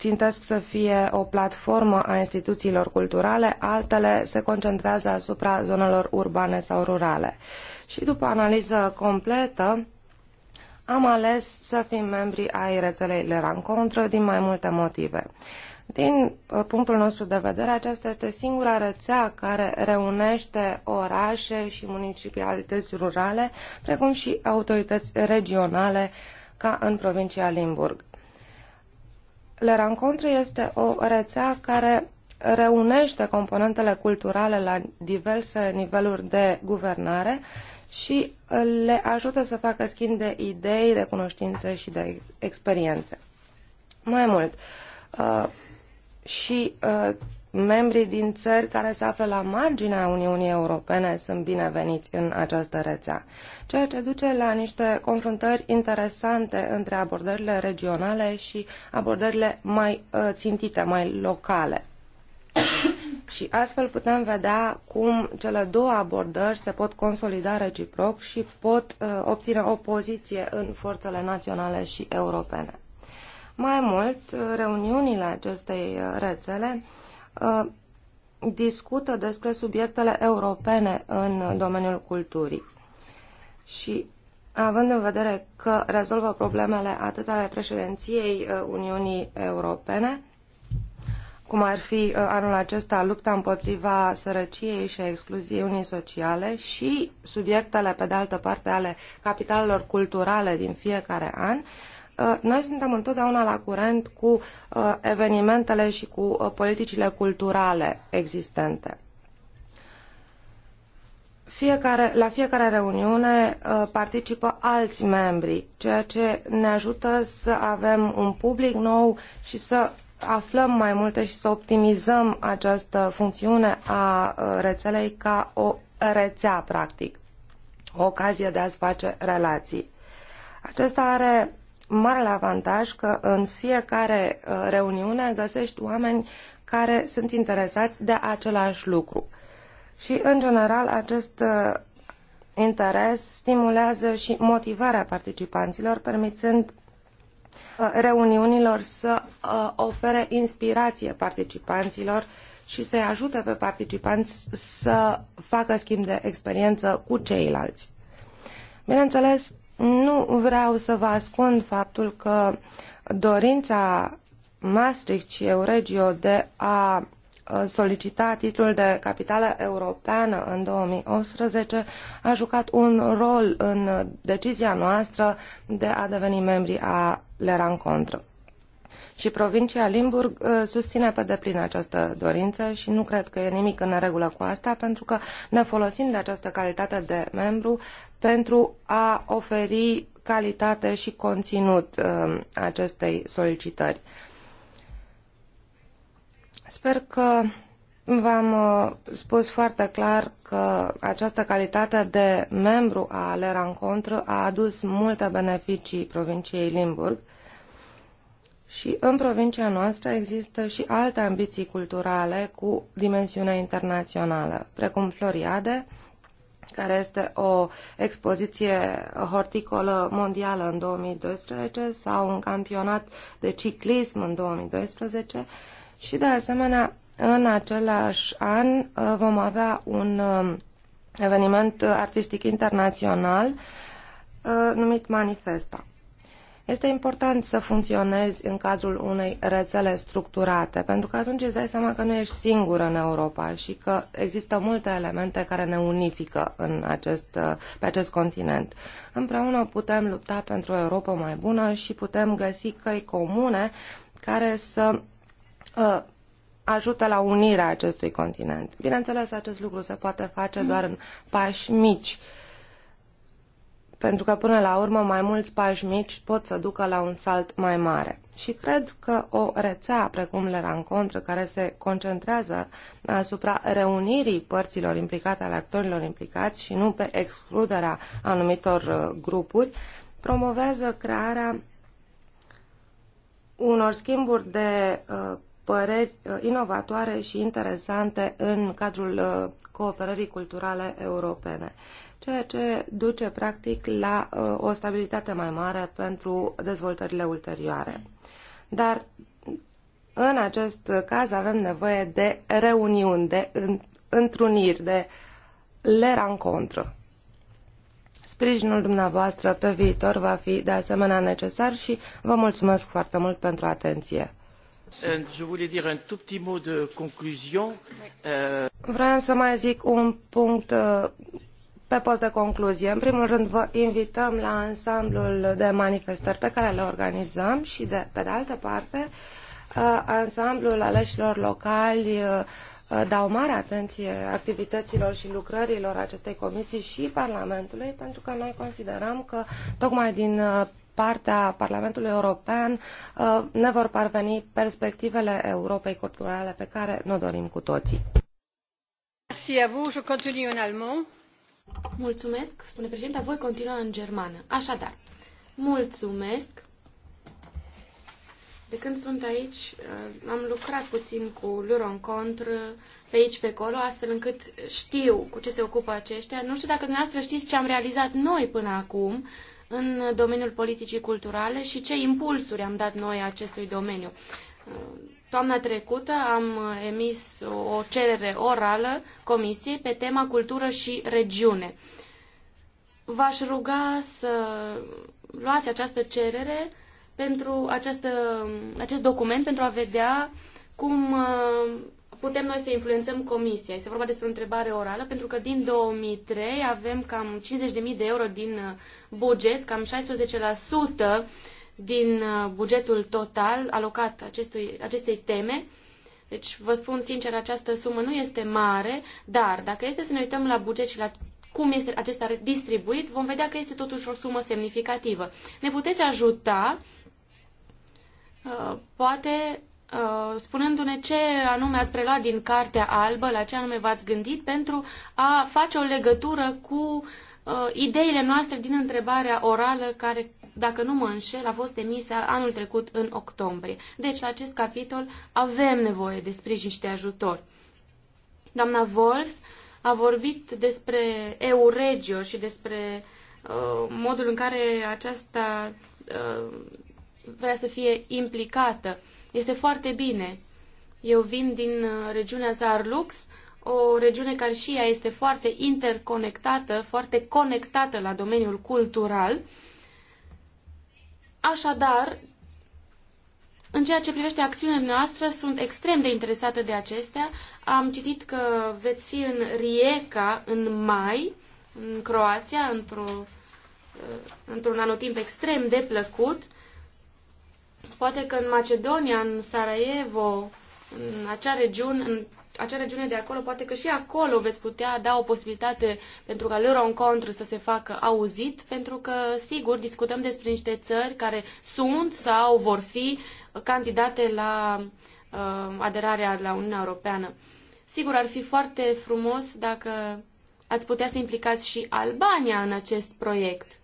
țintesc să fie o platformă a instituțiilor culturale, altele se concentrează asupra zonelor urbane sau rurale. Și după analiză completă, am ales să fim membri ai rețelei Le Rencontre din mai multe motive. Din uh, punctul nostru de vedere, aceasta este singura rețea care reunește orașe și municipalități rurale, precum și autorități regionale, ca în provincia Limburg. Le Rencontre este o rețea care reunește componentele culturale la diverse niveluri de guvernare și uh, le ajută să facă schimb de idei, de cunoștințe și de experiențe. Mai mult, uh, și uh, membrii din țări care se află la marginea Uniunii Europene sunt bineveniți în această rețea, ceea ce duce la niște confruntări interesante între abordările regionale și abordările mai uh, țintite, mai locale. <coughs> și astfel putem vedea cum cele două abordări se pot consolida reciproc și pot uh, obține o poziție în forțele naționale și europene. Mai mult, uh, reuniunile acestei uh, rețele Uh, discută despre subiectele europene în domeniul culturii. Și având în vedere că rezolvă problemele atât ale președinției uh, Uniunii Europene, cum ar fi uh, anul acesta lupta împotriva sărăciei și excluziunii sociale și subiectele, pe de altă parte, ale capitalelor culturale din fiecare an, Uh, noi suntem întotdeauna la curent cu uh, evenimentele și cu uh, politicile culturale existente. Fiecare, la fiecare reuniune participă alți membri, ceea ce ne ajută să avem un public nou și să aflăm mai multe și să optimizăm această funcțiune a rețelei ca o rețea, practic, o ocazie de a-ți face relații. Acesta are marele avantaj că în fiecare uh, reuniune găsești oameni care sunt interesați de același lucru. Și, în general, acest uh, interes stimulează și motivarea participanților, permițând uh, reuniunilor să ofere inspirație participanților și să-i ajute pe participanți să facă schimb de experiență cu ceilalți. Bineînțeles, nu vreau să vă ascund faptul că dorința Maastricht și Euregio de a uh, solicita titlul de capitală europeană în 2018 a jucat un rol în decizia noastră de a deveni membri a Le Rencontre. Și provincia Limburg uh, susține pe deplin această dorință și nu cred că e nimic în regulă cu asta, pentru că ne folosim de această calitate de membru pentru a oferi calitate și conținut uh, acestei solicitări. Sper că V-am uh, spus foarte clar că această calitate de membru a Leran Contră a adus multe beneficii provinciei Limburg și în provincia noastră există și alte ambiții culturale cu dimensiune internațională, precum Floriade, care este o expoziție horticolă mondială în 2012 sau un campionat de ciclism în 2012 și de asemenea în același an uh, vom avea un um, eveniment artistic internațional uh, numit Manifesta. Este important să funcționezi în cadrul unei rețele structurate, pentru că atunci îți dai seama că nu ești singură în Europa și că există multe elemente care ne unifică în acest, pe acest continent. Împreună putem lupta pentru o Europa mai bună și putem găsi căi comune care să uh, ă, ajută la unirea acestui continent. Bineînțeles, acest lucru se poate face doar în pași mici. Uh, pentru că până la urmă mai mulți pași mici pot să ducă la un salt mai mare. Și cred că o rețea precum Le Rencontre, care se concentrează asupra reunirii părților implicate, ale actorilor implicați și nu pe excluderea anumitor uh, grupuri, promovează crearea unor schimburi de uh, păreri uh, inovatoare și interesante în cadrul cooperării culturale europene ceea ce duce practic la uh, o stabilitate mai mare pentru dezvoltările ulterioare. Dar în acest caz avem nevoie de reuniuni, de întruniri, de le rencontre. Sprijinul dumneavoastră pe viitor va fi de asemenea necesar și vă mulțumesc foarte mult pentru atenție. Vreau să mai zic un punct uh, pe post de concluzie, în primul rând vă invităm la ansamblul de manifestări pe care le organizăm și, de, pe de altă parte, uh, ansamblul aleșilor locali uh, uh, dau mare atenție activităților și lucrărilor acestei comisii și Parlamentului, pentru că noi considerăm că tocmai din partea Parlamentului European ne vor parveni perspectivele Europei culturale pe care ne dorim cu toții. Merci à vous. Je continue en allemand. Mulțumesc, spune președinta, voi continua în germană. Așadar, mulțumesc. De când sunt aici, uh, am lucrat puțin cu Luron Contr, pe aici, pe acolo, astfel încât știu cu ce se ocupă aceștia. Nu știu dacă dumneavoastră știți ce am realizat noi până acum în domeniul politicii culturale și ce impulsuri am dat noi acestui domeniu. Uh, Toamna trecută am emis o cerere orală comisiei pe tema cultură și regiune. V-aș ruga să luați această cerere pentru această, acest document pentru a vedea cum uh, putem noi să influențăm comisia. Este vorba despre o întrebare orală, pentru că din 2003 avem cam 50.000 de euro din uh, buget, cam 16% din uh, bugetul total alocat acestui, acestei teme. Deci, vă spun sincer, această sumă nu este mare, dar dacă este să ne uităm la buget și la cum este acesta distribuit, vom vedea că este totuși o sumă semnificativă. Ne puteți ajuta, uh, poate uh, spunându-ne ce anume ați preluat din Cartea Albă, la ce anume v-ați gândit, pentru a face o legătură cu ideile noastre din întrebarea orală care dacă nu mă înșel, a fost emisă anul trecut în octombrie. Deci, la acest capitol avem nevoie de sprijin și de ajutor. Doamna Wolfs a vorbit despre Euregio și despre uh, modul în care aceasta uh, vrea să fie implicată. Este foarte bine. Eu vin din uh, regiunea Zarlux, o regiune care și ea este foarte interconectată, foarte conectată la domeniul cultural Așadar, în ceea ce privește acțiunile noastre, sunt extrem de interesată de acestea. Am citit că veți fi în Rijeka în mai, în Croația, într-o, uh, într-un anotimp extrem de plăcut. Poate că în Macedonia, în Sarajevo, în acea regiune, în acea regiune de acolo, poate că și acolo veți putea da o posibilitate pentru ca lor encontru să se facă auzit, pentru că, sigur, discutăm despre niște țări care sunt sau vor fi candidate la uh, aderarea la Uniunea Europeană. Sigur, ar fi foarte frumos dacă ați putea să implicați și Albania în acest proiect.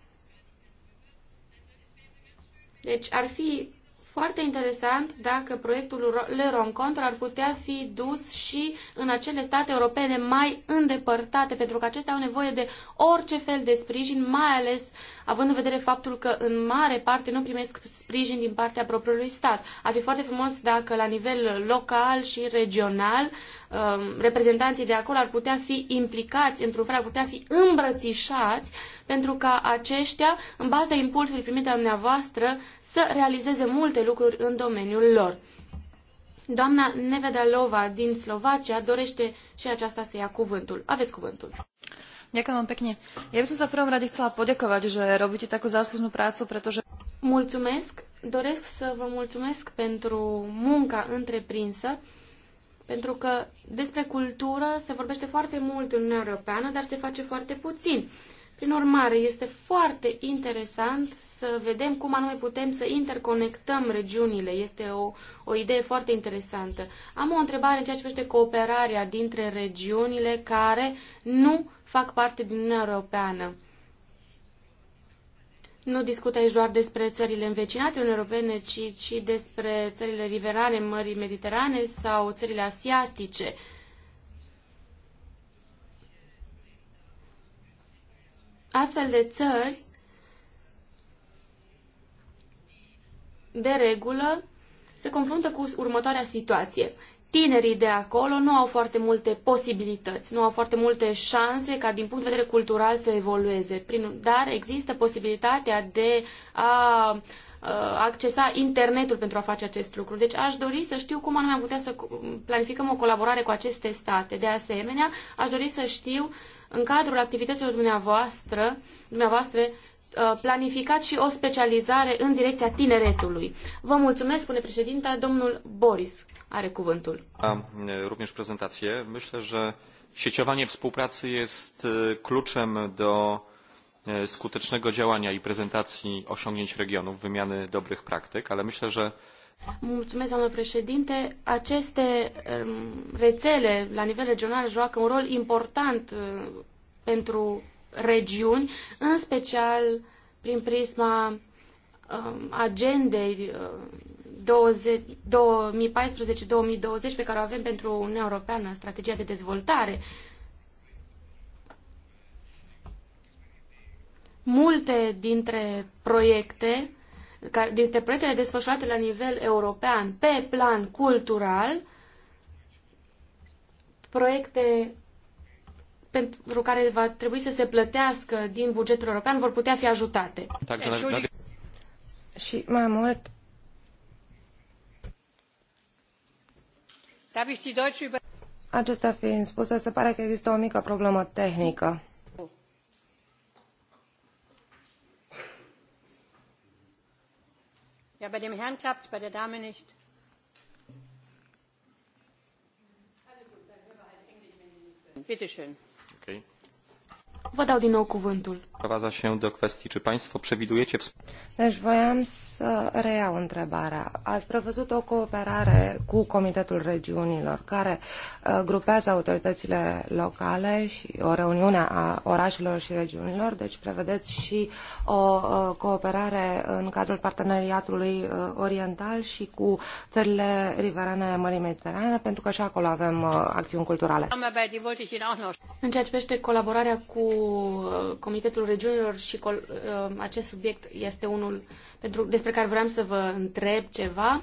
Deci ar fi foarte interesant dacă proiectul Le Rencontre ar putea fi dus și în acele state europene mai îndepărtate, pentru că acestea au nevoie de orice fel de sprijin, mai ales având în vedere faptul că în mare parte nu primesc sprijin din partea propriului stat. Ar fi foarte frumos dacă la nivel local și regional um, reprezentanții de acolo ar putea fi implicați, într-un fel ar putea fi îmbrățișați pentru ca aceștia, în baza impulsului primit de dumneavoastră, să realizeze multe lucruri în domeniul lor. Doamna Nevedalova din Slovacia dorește și aceasta să ia cuvântul. Aveți cuvântul. Ďakujem pekne. Ja by som sa v prvom rade chcela poďakovať, že robíte takú záslužnú prácu, pretože... Mulțumesc. Doresc să vă mulțumesc pentru munca întreprinsă, pentru că despre cultură se vorbește foarte mult în Uniunea Europeană, dar se face foarte puțin. Prin urmare, este foarte interesant să vedem cum anume putem să interconectăm regiunile. Este o, o idee foarte interesantă. Am o întrebare în ceea ce privește cooperarea dintre regiunile care nu fac parte din Uniunea Europeană. Nu discută aici doar despre țările învecinate în Europene, ci, ci despre țările riverane Mării Mediterane sau țările asiatice. Uh, astfel de țări, de regulă, se confruntă cu următoarea situație. Tinerii de acolo nu au foarte multe posibilități, nu au foarte multe șanse ca din punct de vedere cultural să evolueze, prin, dar există posibilitatea de a accesa internetul pentru a face acest lucru. Deci aș dori să știu cum anume am putea să planificăm o colaborare cu aceste state. De asemenea, aș dori să știu în cadrul activităților dumneavoastră, dumneavoastră uh, planificat și o specializare în direcția tineretului. Vă mulțumesc, spune președinta, domnul Boris are cuvântul. Am również prezentație. Myślę, że sieciowanie współpracy jest kluczem do skutecznego działania i prezentacji osiągnięć regionów, wymiany dobrych praktyk, ale myślę, że Mulțumesc, doamnă președinte. Aceste um, rețele la nivel regional joacă un rol important uh, pentru regiuni, în special prin prisma um, agendei 2014-2020 uh, pe care o avem pentru Uniunea Europeană, strategia de dezvoltare. Multe dintre proiecte dintre proiectele desfășurate la nivel european pe plan cultural, proiecte pentru care va trebui să se plătească din bugetul european vor putea fi ajutate. Și mai mult, Acestea fiind spuse, se pare că există o mică problemă tehnică. Ja, bei dem Herrn klappt es, bei der Dame nicht. Bitte schön. Okay. Vă dau din nou cuvântul. się do kwestii, czy państwo przewidujecie... Deci voiam să reiau întrebarea. Ați prevăzut o cooperare cu Comitetul Regiunilor, care uh, grupează autoritățile locale și o reuniune a orașelor și regiunilor, deci prevedeți și o uh, cooperare în cadrul parteneriatului uh, oriental și cu țările riverane Mării Mediterane, pentru că și acolo avem acțiuni culturale. În ceea ce privește colaborarea cu Comitetul Regiunilor și uh, acest subiect este unul pentru, despre care vreau să vă întreb ceva.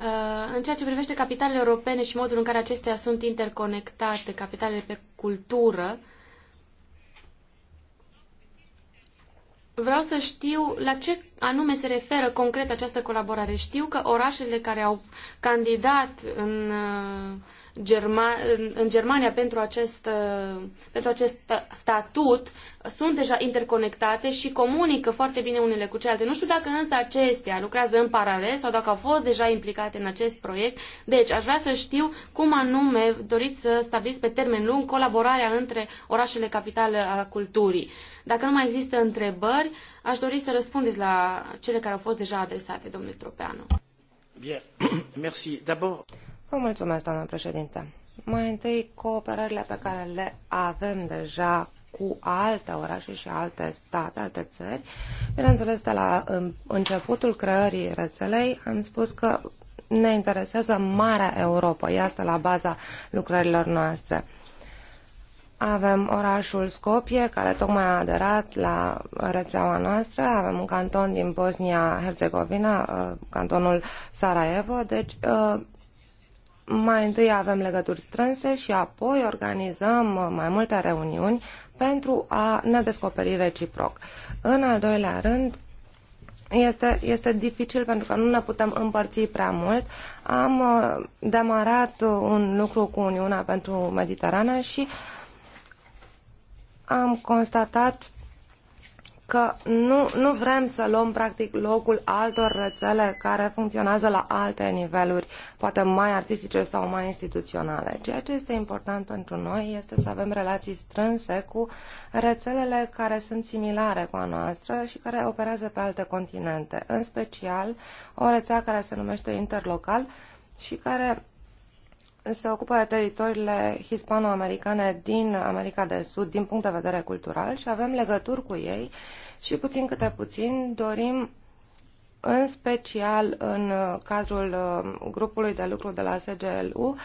Uh, în ceea ce privește capitalele europene și modul în care acestea sunt interconectate, capitalele pe cultură, vreau să știu la ce anume se referă concret această colaborare. Știu că orașele care au candidat în uh, Germa- în Germania pentru acest, uh, pentru acest statut sunt deja interconectate și comunică foarte bine unele cu celelalte. Nu știu dacă însă acestea lucrează în paralel sau dacă au fost deja implicate în acest proiect. Deci, aș vrea să știu cum anume doriți să stabiliți pe termen lung colaborarea între orașele capitale a culturii. Dacă nu mai există întrebări, aș dori să răspundeți la cele care au fost deja adresate, domnule Tropeanu. Bien. <coughs> Merci. D'abord... Vă mulțumesc, doamnă președinte. Mai întâi, cooperările pe care le avem deja cu alte orașe și alte state, alte țări. Bineînțeles, de la începutul creării rețelei am spus că ne interesează Marea Europa. E asta la baza lucrărilor noastre. Avem orașul Skopje, care tocmai a aderat la rețeaua noastră. Avem un canton din Bosnia-Herzegovina, uh, cantonul Sarajevo. Deci uh, mai întâi avem legături strânse și apoi organizăm mai multe reuniuni pentru a ne descoperi reciproc. În al doilea rând, este, este dificil pentru că nu ne putem împărți prea mult. Am uh, demarat un lucru cu Uniunea pentru Mediterană și am constatat că nu, nu vrem să luăm practic locul altor rețele care funcționează la alte niveluri, poate mai artistice sau mai instituționale. Ceea ce este important pentru noi este să avem relații strânse cu rețelele care sunt similare cu a noastră și care operează pe alte continente, în special o rețea care se numește Interlocal și care se ocupă de teritoriile hispano-americane din America de Sud din punct de vedere cultural și avem legături cu ei și puțin câte puțin dorim în special în uh, cadrul uh, grupului de lucru de la SGLU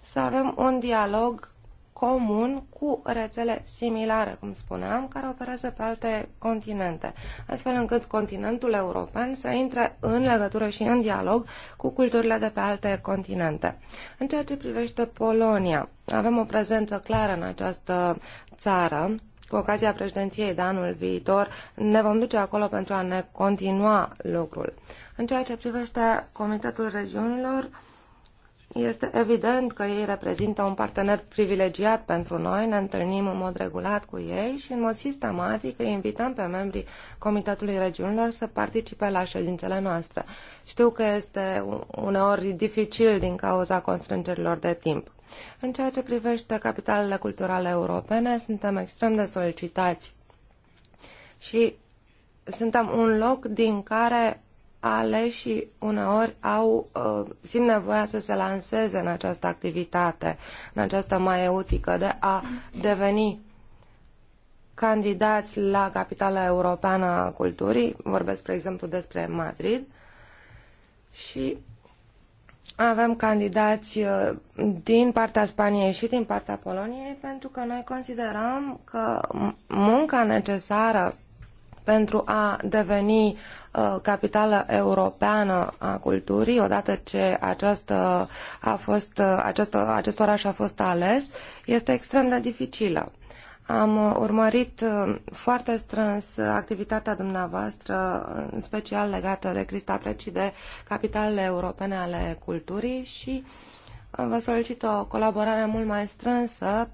să avem un dialog comun cu rețele similare, cum spuneam, care operează pe alte continente, astfel încât continentul european să intre în legătură și în dialog cu culturile de pe alte continente. În ceea ce privește Polonia, avem o prezență clară în această țară, cu ocazia președinției de anul viitor, ne vom duce acolo pentru a ne continua lucrul. În ceea ce privește Comitetul Regiunilor, este evident că ei reprezintă un partener privilegiat pentru noi, ne întâlnim în mod regulat cu ei și în mod sistematic îi invităm pe membrii Comitetului Regiunilor să participe la ședințele noastre. Știu că este uneori dificil din cauza constrângerilor de timp. În ceea ce privește capitalele culturale europene, suntem extrem de solicitați și suntem un loc din care aleșii uneori au, uh, simt nevoia să se lanseze în această activitate, în această maieutică de a deveni candidați la capitala europeană a culturii, vorbesc, spre exemplu, despre Madrid, și avem candidați uh, din partea Spaniei și din partea Poloniei, pentru că noi considerăm că munca necesară pentru a deveni uh, capitală europeană a culturii, odată ce acest, a fost, uh, acest, acest oraș a fost ales, este extrem de dificilă. Am uh, urmărit foarte strâns activitatea dumneavoastră, în special legată de Crista Preci, de capitalele europene ale culturii și vă solicit o colaborare mult mai strânsă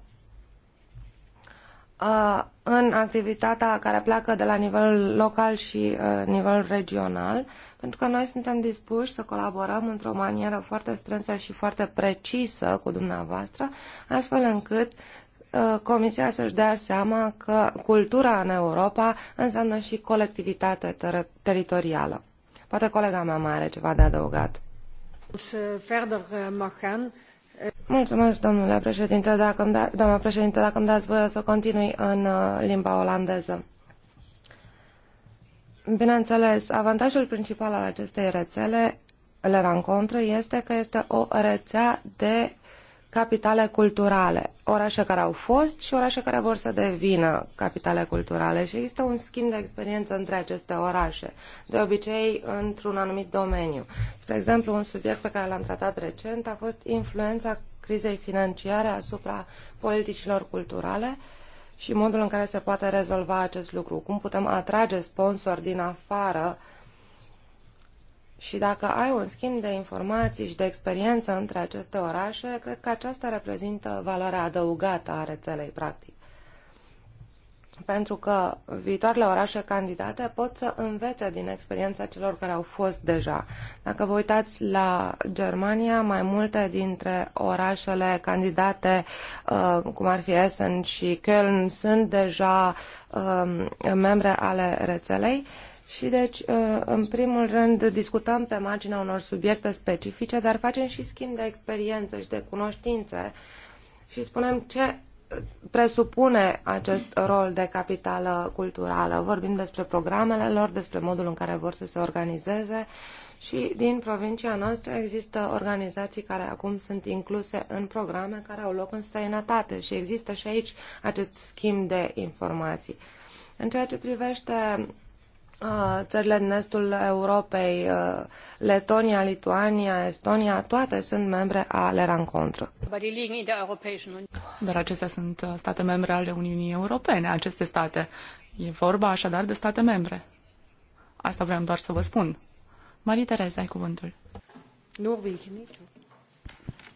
în activitatea care pleacă de la nivel local și uh, nivel regional, pentru că noi suntem dispuși să colaborăm într-o manieră foarte strânsă și foarte precisă cu dumneavoastră, astfel încât uh, Comisia să-și dea seama că cultura în Europa înseamnă și colectivitate ter teritorială. Poate colega mea mai are ceva de adăugat. Verder uh, gaan. Mulțumesc, domnule președinte, dacă îmi, da, doamnă președinte, dacă îmi dați voie o să continui în uh, limba olandeză. Bineînțeles, avantajul principal al acestei rețele le rencontre, este că este o rețea de capitale culturale, orașe care au fost și orașe care vor să devină capitale culturale și există un schimb de experiență între aceste orașe, de obicei într-un anumit domeniu. Spre exemplu, un subiect pe care l-am tratat recent a fost influența crizei financiare asupra politicilor culturale și modul în care se poate rezolva acest lucru, cum putem atrage sponsori din afară uh, și dacă ai un schimb de informații și de experiență între aceste orașe, cred că aceasta reprezintă valoarea adăugată a rețelei, practic. Pentru că viitoarele orașe candidate pot să învețe din experiența celor care au fost deja. Dacă vă uitați la Germania, mai multe dintre orașele candidate, uh, cum ar fi Essen și Köln, sunt deja uh, membre ale rețelei și deci, uh, în primul rând, discutăm pe marginea unor subiecte specifice, dar facem și schimb de experiență și de cunoștințe și spunem ce presupune acest rol de capitală culturală. Vorbim despre programele lor, despre modul în care vor să se organizeze și din provincia noastră există organizații care acum sunt incluse în programe care au loc în străinătate și există și aici acest schimb de informații. În ceea ce privește Uh, țările din estul Europei, uh, Letonia, Lituania, Estonia, toate sunt membre ale Rancontră. Dar acestea sunt uh, state membre ale Uniunii Europene, aceste state. E vorba așadar de state membre. Asta vreau doar să vă spun. Marie Tereza, ai cuvântul.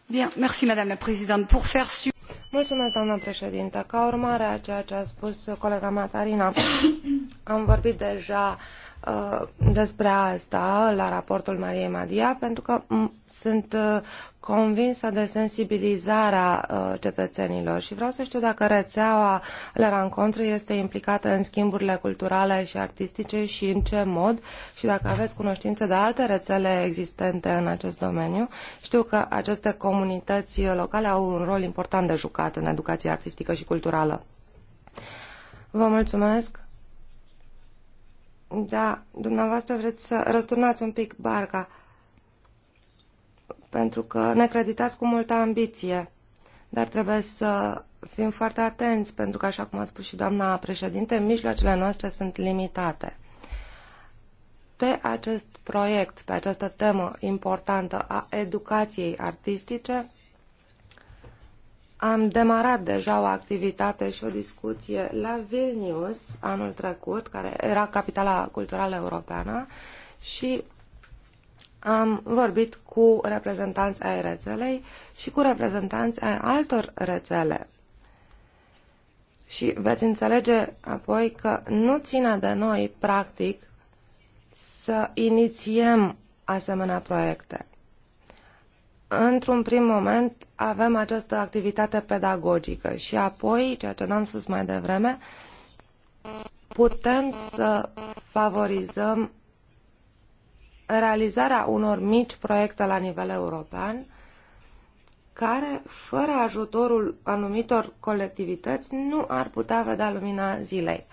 Bien, merci, Madame la Présidente. Pour faire su... Mulțumesc, doamnă președinte. Ca urmare a ceea ce a spus colega Matarina, am vorbit deja Uh, despre asta la raportul Mariei Madia, pentru că sunt uh, convinsă de sensibilizarea uh, cetățenilor și vreau să știu dacă rețeaua Le Rencontre este implicată în schimburile culturale și artistice și în ce mod și dacă aveți cunoștință de alte rețele existente în acest domeniu. Știu că aceste comunități locale au un rol important de jucat în educația artistică și culturală. Vă mulțumesc! Da, dumneavoastră vreți să răsturnați un pic barca, pentru că ne creditați cu multă ambiție, dar trebuie să fim foarte atenți, pentru că, așa cum a spus și doamna președinte, mijloacele noastre sunt limitate. Pe acest proiect, pe această temă importantă a educației artistice, am demarat deja o activitate și o discuție la Vilnius anul trecut, care era capitala culturală europeană, și am vorbit cu reprezentanți ai rețelei și cu reprezentanți ai altor rețele. Și veți înțelege apoi că nu ține de noi, practic, să inițiem asemenea proiecte într-un prim moment avem această activitate pedagogică și apoi, ceea ce n-am spus mai devreme, putem să favorizăm realizarea unor mici proiecte la nivel european care, fără ajutorul anumitor colectivități, nu ar putea vedea lumina zilei.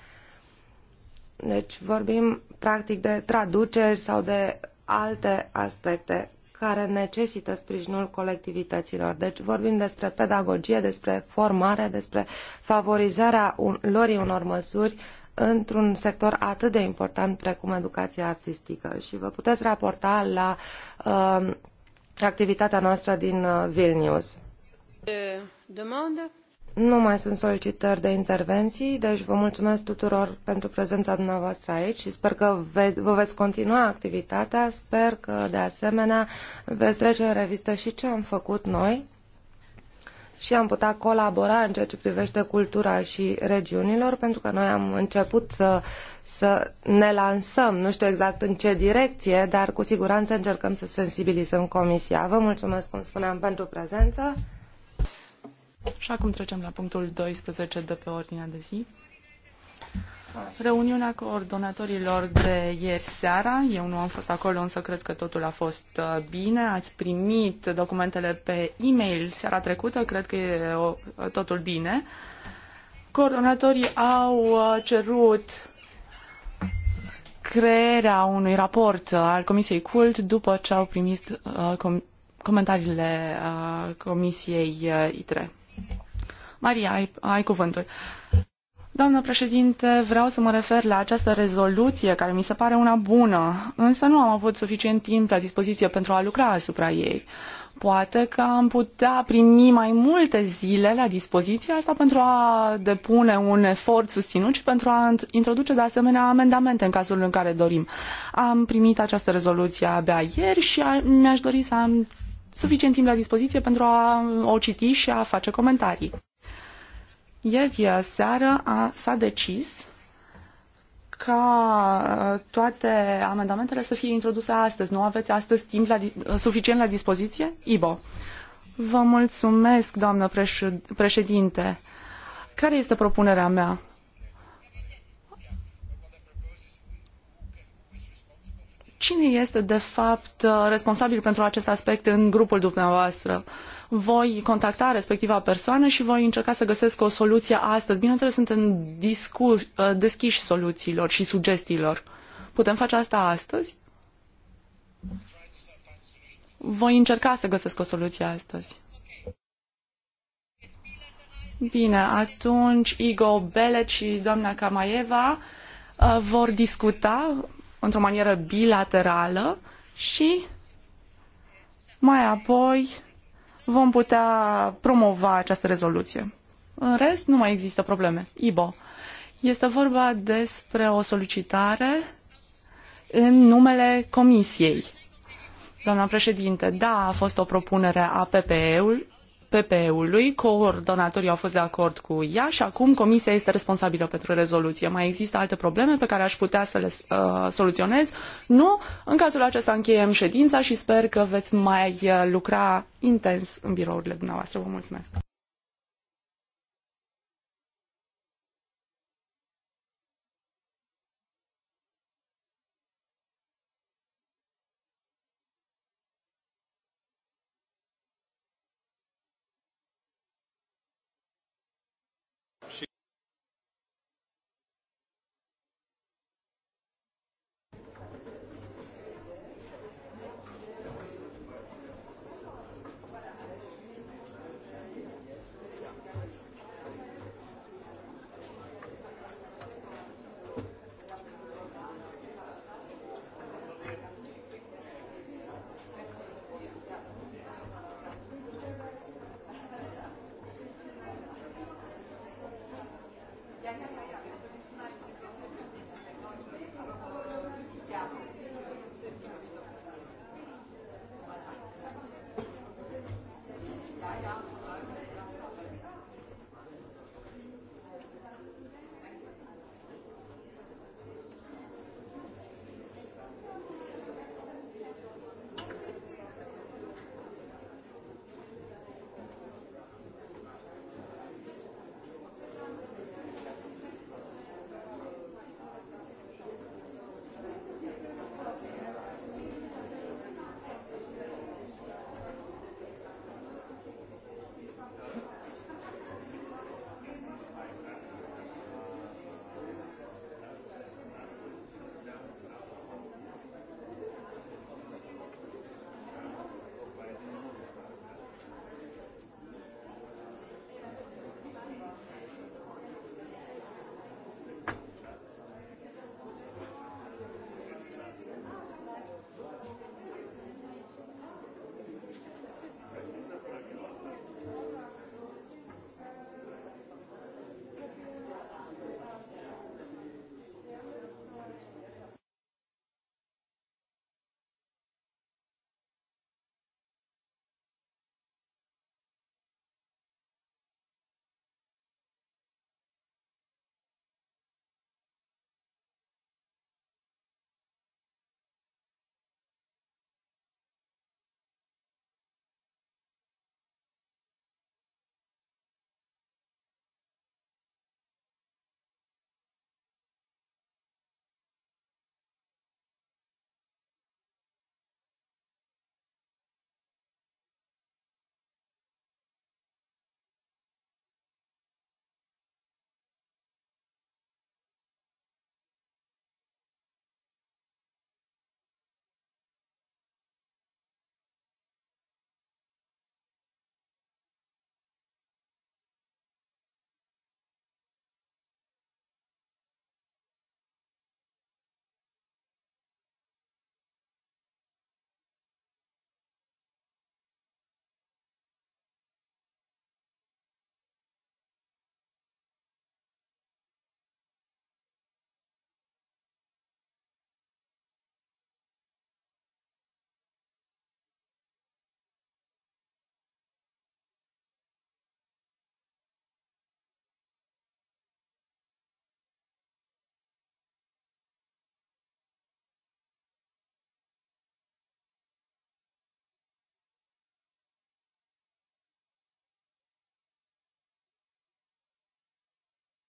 Deci vorbim practic de traduceri sau de alte aspecte care necesită sprijinul colectivităților. Deci vorbim despre pedagogie, despre formare, despre favorizarea un, lorii unor măsuri într-un sector atât de important precum educația artistică. Și vă puteți raporta la uh, activitatea noastră din uh, Vilnius. demandă? Nu mai sunt solicitări de intervenții, deci vă mulțumesc tuturor pentru prezența dumneavoastră aici și sper că ve- vă veți continua activitatea. Sper că, de asemenea, veți trece în revistă și ce am făcut noi și am putea colabora în ceea ce privește cultura și regiunilor, pentru că noi am început să, să ne lansăm, nu știu exact în ce direcție, dar cu siguranță încercăm să sensibilizăm Comisia. Vă mulțumesc, cum spuneam, pentru prezență. Și acum trecem la punctul 12 de pe ordinea de zi. Reuniunea coordonatorilor de ieri seara, eu nu am fost acolo, însă cred că totul a fost uh, bine. Ați primit documentele pe e-mail seara trecută, cred că e totul bine. Coordonatorii au uh, cerut crearea unui raport uh, al Comisiei CULT după ce au primit comentariile Comisiei ITRE. Maria, ai, ai cuvântul. Doamnă președinte, vreau să mă refer la această rezoluție care mi se pare una bună, însă nu am avut suficient timp la dispoziție pentru a lucra asupra ei. Poate că am putea primi mai multe zile la dispoziție asta pentru a depune un efort susținut și pentru a introduce de asemenea amendamente în cazul în care dorim. Am primit această rezoluție abia ieri și mi-aș dori să am suficient timp la dispoziție pentru a o citi și a face comentarii. Ieri seară s-a decis ca uh, toate amendamentele să fie introduse astăzi. Nu aveți astăzi timp la, uh, suficient la dispoziție? Ibo. Vă mulțumesc, doamnă președinte. Care este propunerea mea? Cine este, de fapt, uh, responsabil pentru acest aspect în grupul dumneavoastră? Voi contacta respectiva persoană și voi încerca să găsesc o soluție astăzi. Bineînțeles, suntem discu- uh, deschiși soluțiilor și sugestiilor. Putem face asta astăzi? Voi încerca să găsesc o soluție astăzi. Bine, atunci Igo Belet și doamna Kamaeva uh, vor discuta într-o manieră bilaterală și mai apoi vom putea promova această rezoluție. În rest, nu mai există probleme. IBO. Este vorba despre o solicitare în numele Comisiei. Doamna președinte, da, a fost o propunere a PPE-ului PPE-ului, coordonatorii au fost de acord cu ea și acum Comisia este responsabilă pentru rezoluție. Mai există alte probleme pe care aș putea să le uh, soluționez? Nu? În cazul acesta încheiem ședința și sper că veți mai uh, lucra intens în birourile dumneavoastră. Vă mulțumesc!